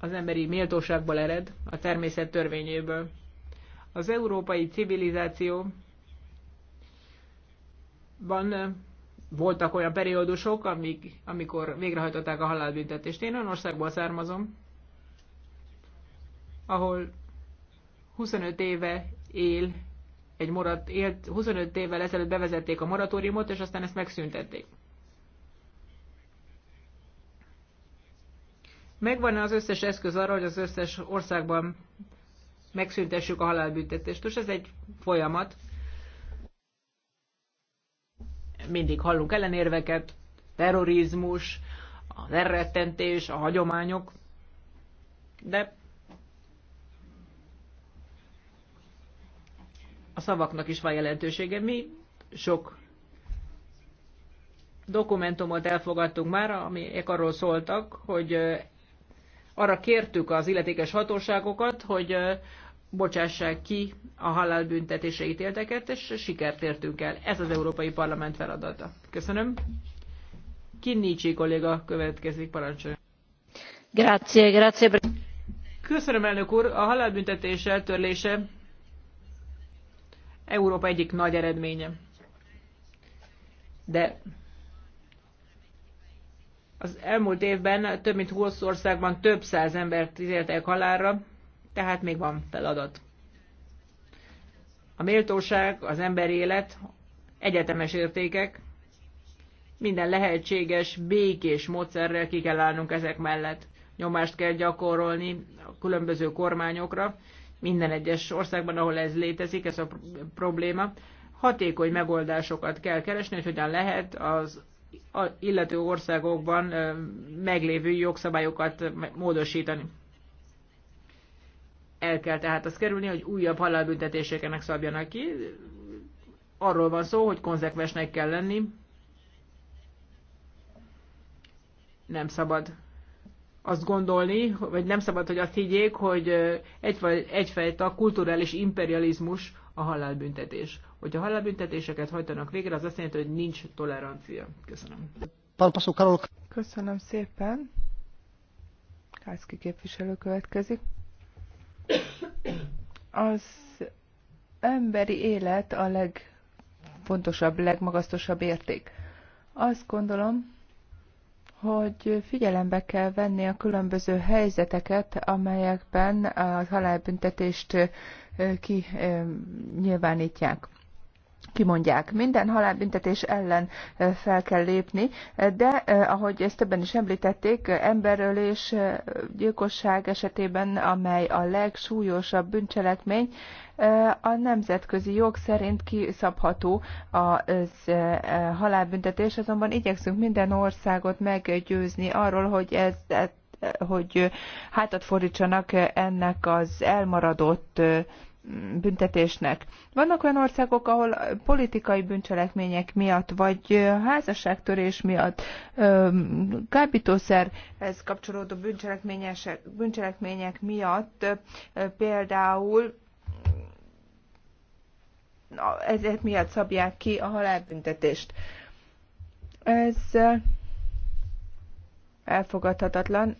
az emberi méltóságból ered, a természet törvényéből. Az európai civilizáció van voltak olyan periódusok, amik, amikor végrehajtották a halálbüntetést. Én olyan országból származom, ahol 25 éve él egy morat, élt, 25 évvel ezelőtt bevezették a moratóriumot, és aztán ezt megszüntették. megvan az összes eszköz arra, hogy az összes országban megszüntessük a halálbüntetést. Most ez egy folyamat. Mindig hallunk ellenérveket, terrorizmus, az elrettentés, a hagyományok, de a szavaknak is van jelentősége. Mi sok dokumentumot elfogadtunk már, amelyek arról szóltak, hogy arra kértük az illetékes hatóságokat, hogy bocsássák ki a halálbüntetésre ítélteket, és sikert értünk el. Ez az Európai Parlament feladata. Köszönöm. Kinnicsi kolléga következik, parancsolja. Grazie, grazie. Köszönöm, elnök úr. A halálbüntetés eltörlése Európa egyik nagy eredménye. De az elmúlt évben több mint 20 országban több száz embert ítéltek halálra, tehát még van feladat. A méltóság, az emberi élet egyetemes értékek, minden lehetséges, békés módszerrel ki kell állnunk ezek mellett. Nyomást kell gyakorolni a különböző kormányokra, minden egyes országban, ahol ez létezik, ez a probléma. Hatékony megoldásokat kell keresni, hogy hogyan lehet az illető országokban meglévő jogszabályokat módosítani. El kell tehát azt kerülni, hogy újabb halálbüntetéseknek szabjanak ki. Arról van szó, hogy konzekvensnek kell lenni. Nem szabad azt gondolni, vagy nem szabad, hogy azt higgyék, hogy egyfajta kulturális imperializmus a halálbüntetés. Hogyha halálbüntetéseket hajtanak végre, az azt jelenti, hogy nincs tolerancia. Köszönöm. Köszönöm szépen. Kászki képviselő következik. Az emberi élet a legfontosabb, legmagasztosabb érték. Azt gondolom, hogy figyelembe kell venni a különböző helyzeteket, amelyekben a halálbüntetést eh, kinyilvánítják. Eh, kimondják. Minden halálbüntetés ellen fel kell lépni, de ahogy ezt többen is említették, emberölés, gyilkosság esetében, amely a legsúlyosabb bűncselekmény, a nemzetközi jog szerint kiszabható a halálbüntetés, azonban igyekszünk minden országot meggyőzni arról, hogy ez e, hogy hátat fordítsanak ennek az elmaradott büntetésnek. Vannak olyan országok, ahol politikai bűncselekmények miatt, vagy házasságtörés miatt, kábítószerhez kapcsolódó bűncselekmények miatt például ezért miatt szabják ki a halálbüntetést. Ez elfogadhatatlan.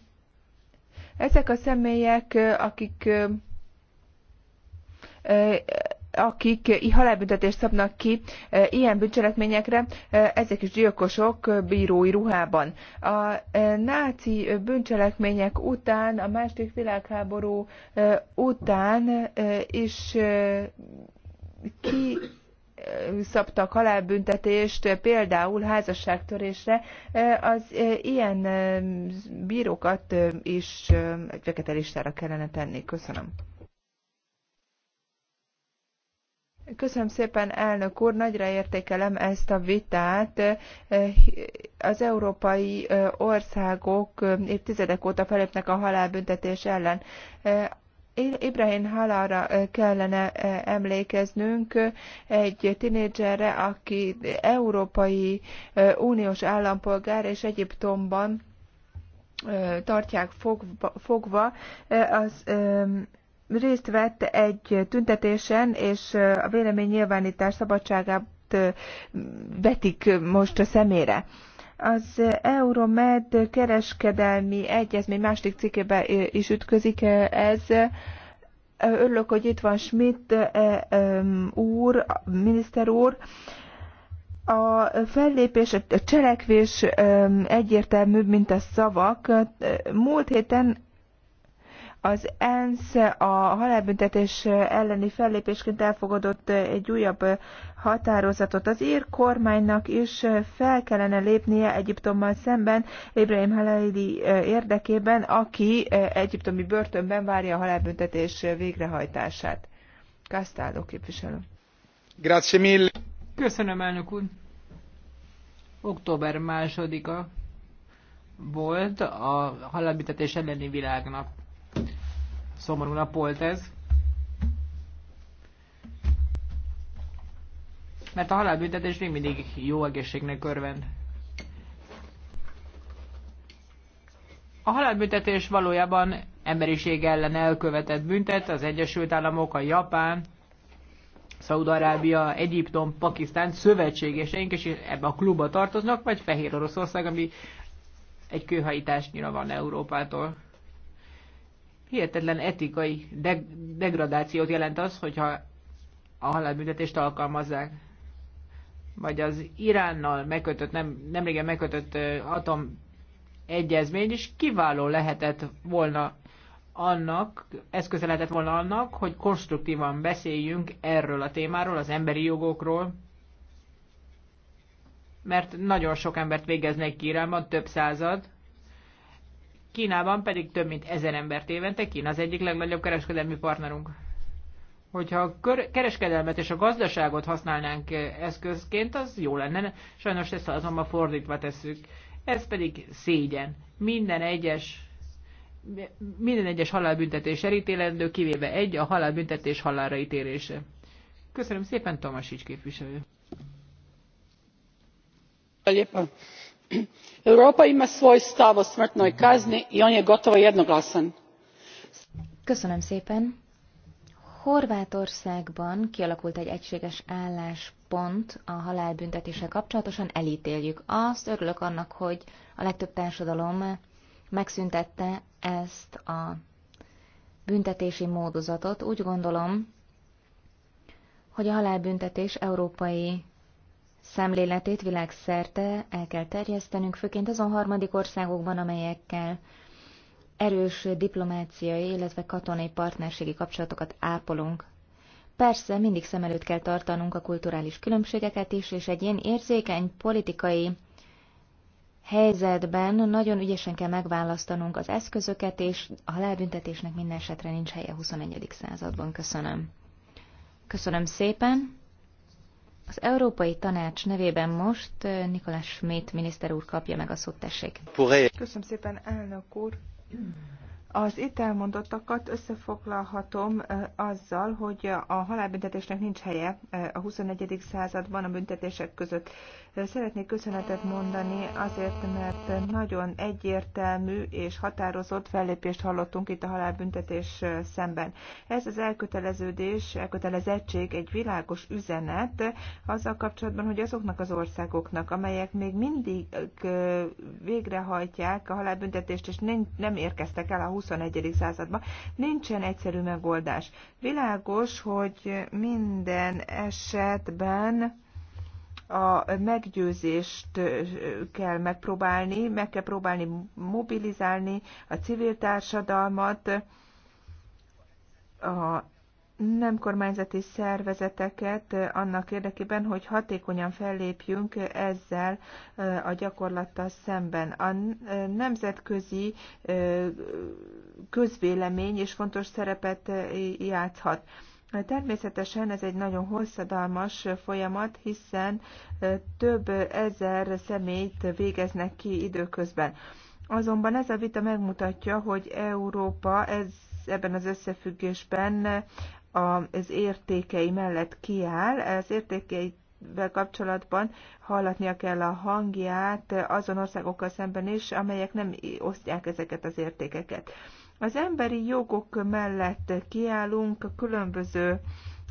Ezek a személyek, akik akik halálbüntetést szabnak ki ilyen bűncselekményekre, ezek is gyilkosok bírói ruhában. A náci bűncselekmények után, a második világháború után is ki szabtak halálbüntetést, például házasságtörésre, az ilyen bírókat is fekete listára kellene tenni. Köszönöm. Köszönöm szépen, elnök úr, nagyra értékelem ezt a vitát. Az európai országok évtizedek óta felépnek a halálbüntetés ellen. Ibrahim Halára kellene emlékeznünk, egy tinédzserre, aki európai uniós állampolgár és Egyiptomban tartják fogva, az részt vett egy tüntetésen, és a nyilvánítás szabadságát vetik most a szemére. Az Euromed kereskedelmi egyezmény második cikkében is ütközik ez. Örülök, hogy itt van Schmidt úr, miniszter úr. A fellépés, a cselekvés egyértelműbb, mint a szavak. Múlt héten az ENSZ a halálbüntetés elleni fellépésként elfogadott egy újabb határozatot. Az ír kormánynak is fel kellene lépnie Egyiptommal szemben Ibrahim Halali érdekében, aki egyiptomi börtönben várja a halálbüntetés végrehajtását. Kasztáló képviselő. Grazie mille. Köszönöm, elnök úr. Október másodika volt a halálbüntetés elleni világnap. Szomorú nap volt ez. Mert a halálbüntetés még mindig jó egészségnek örvend. A halálbüntetés valójában emberiség ellen elkövetett büntet, az Egyesült Államok, a Japán, Szaudarábia, Egyiptom, Pakisztán szövetségeseink, és ebbe a klubba tartoznak, vagy Fehér Oroszország, ami egy kőhajtásnyira van Európától hihetetlen etikai deg- degradációt jelent az, hogyha a halálbüntetést alkalmazzák. Vagy az Iránnal megkötött, nem, nemrégen megkötött atom egyezmény is kiváló lehetett volna annak, eszköze lehetett volna annak, hogy konstruktívan beszéljünk erről a témáról, az emberi jogokról, mert nagyon sok embert végeznek ki Iránban, több század, Kínában pedig több mint ezer embert évente. Kína az egyik legnagyobb kereskedelmi partnerünk. Hogyha a kereskedelmet és a gazdaságot használnánk eh, eszközként, az jó lenne. Sajnos ezt azonban fordítva tesszük. Ez pedig szégyen. Minden egyes minden egyes halálbüntetés elítélendő, kivéve egy, a halálbüntetés halálra ítélése. Köszönöm szépen, Tomasics képviselő. Köszönöm europa ima svoj stav o smrtnoj kazni i on je gotovo jednoglasan. köszönöm szépen. Horvátországban kialakult egy egységes álláspont a halálbüntetése kapcsolatosan, elítéljük azt. Örülök annak, hogy a legtöbb társadalom megszüntette ezt a büntetési módozatot. Úgy gondolom, hogy a halálbüntetés európai szemléletét világszerte el kell terjesztenünk, főként azon harmadik országokban, amelyekkel erős diplomáciai, illetve katonai partnerségi kapcsolatokat ápolunk. Persze mindig szem előtt kell tartanunk a kulturális különbségeket is, és egy ilyen érzékeny politikai helyzetben nagyon ügyesen kell megválasztanunk az eszközöket, és a halálbüntetésnek minden esetre nincs helye a XXI. században. Köszönöm. Köszönöm szépen. Az Európai Tanács nevében most eh, Nikolás Schmidt miniszter úr kapja meg a szót, tessék. Köszönöm szépen, elnök úr. Az itt elmondottakat összefoglalhatom azzal, hogy a halálbüntetésnek nincs helye a 21. században a büntetések között. Szeretnék köszönetet mondani azért, mert nagyon egyértelmű és határozott fellépést hallottunk itt a halálbüntetés szemben. Ez az elköteleződés, elkötelezettség egy világos üzenet azzal kapcsolatban, hogy azoknak az országoknak, amelyek még mindig végrehajtják a halálbüntetést, és nem érkeztek el a 20 21. században. Nincsen egyszerű megoldás. Világos, hogy minden esetben a meggyőzést kell megpróbálni, meg kell próbálni mobilizálni a civil társadalmat, a nem kormányzati szervezeteket eh, annak érdekében, hogy hatékonyan fellépjünk ezzel eh, a gyakorlattal szemben. A eh, nemzetközi közvélemény is fontos szerepet játszhat. Természetesen ez egy nagyon hosszadalmas folyamat, hiszen több ezer személyt végeznek ki időközben. Azonban ez a vita megmutatja, hogy Európa ez ebben az összefüggésben az értékei mellett kiáll, az értékei kapcsolatban hallatnia kell a hangját azon országokkal szemben is, amelyek nem osztják ezeket az értékeket. Az emberi jogok mellett kiállunk a különböző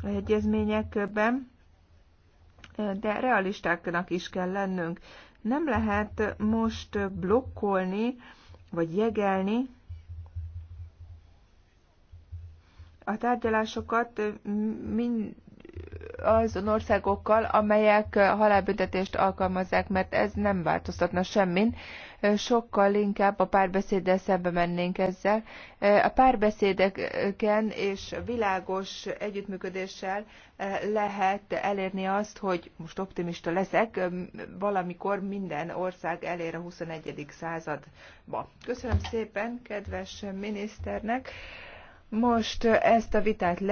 egyezményekben, de realistáknak is kell lennünk. Nem lehet most blokkolni vagy jegelni a tárgyalásokat mind azon országokkal, amelyek halálbüntetést alkalmazzák, mert ez nem változtatna semmin. Sokkal inkább a párbeszéddel szembe mennénk ezzel. A párbeszédeken és világos együttműködéssel lehet elérni azt, hogy most optimista leszek, valamikor minden ország elér a 21. századba. Köszönöm szépen kedves miniszternek! Most eh, ezt a vitát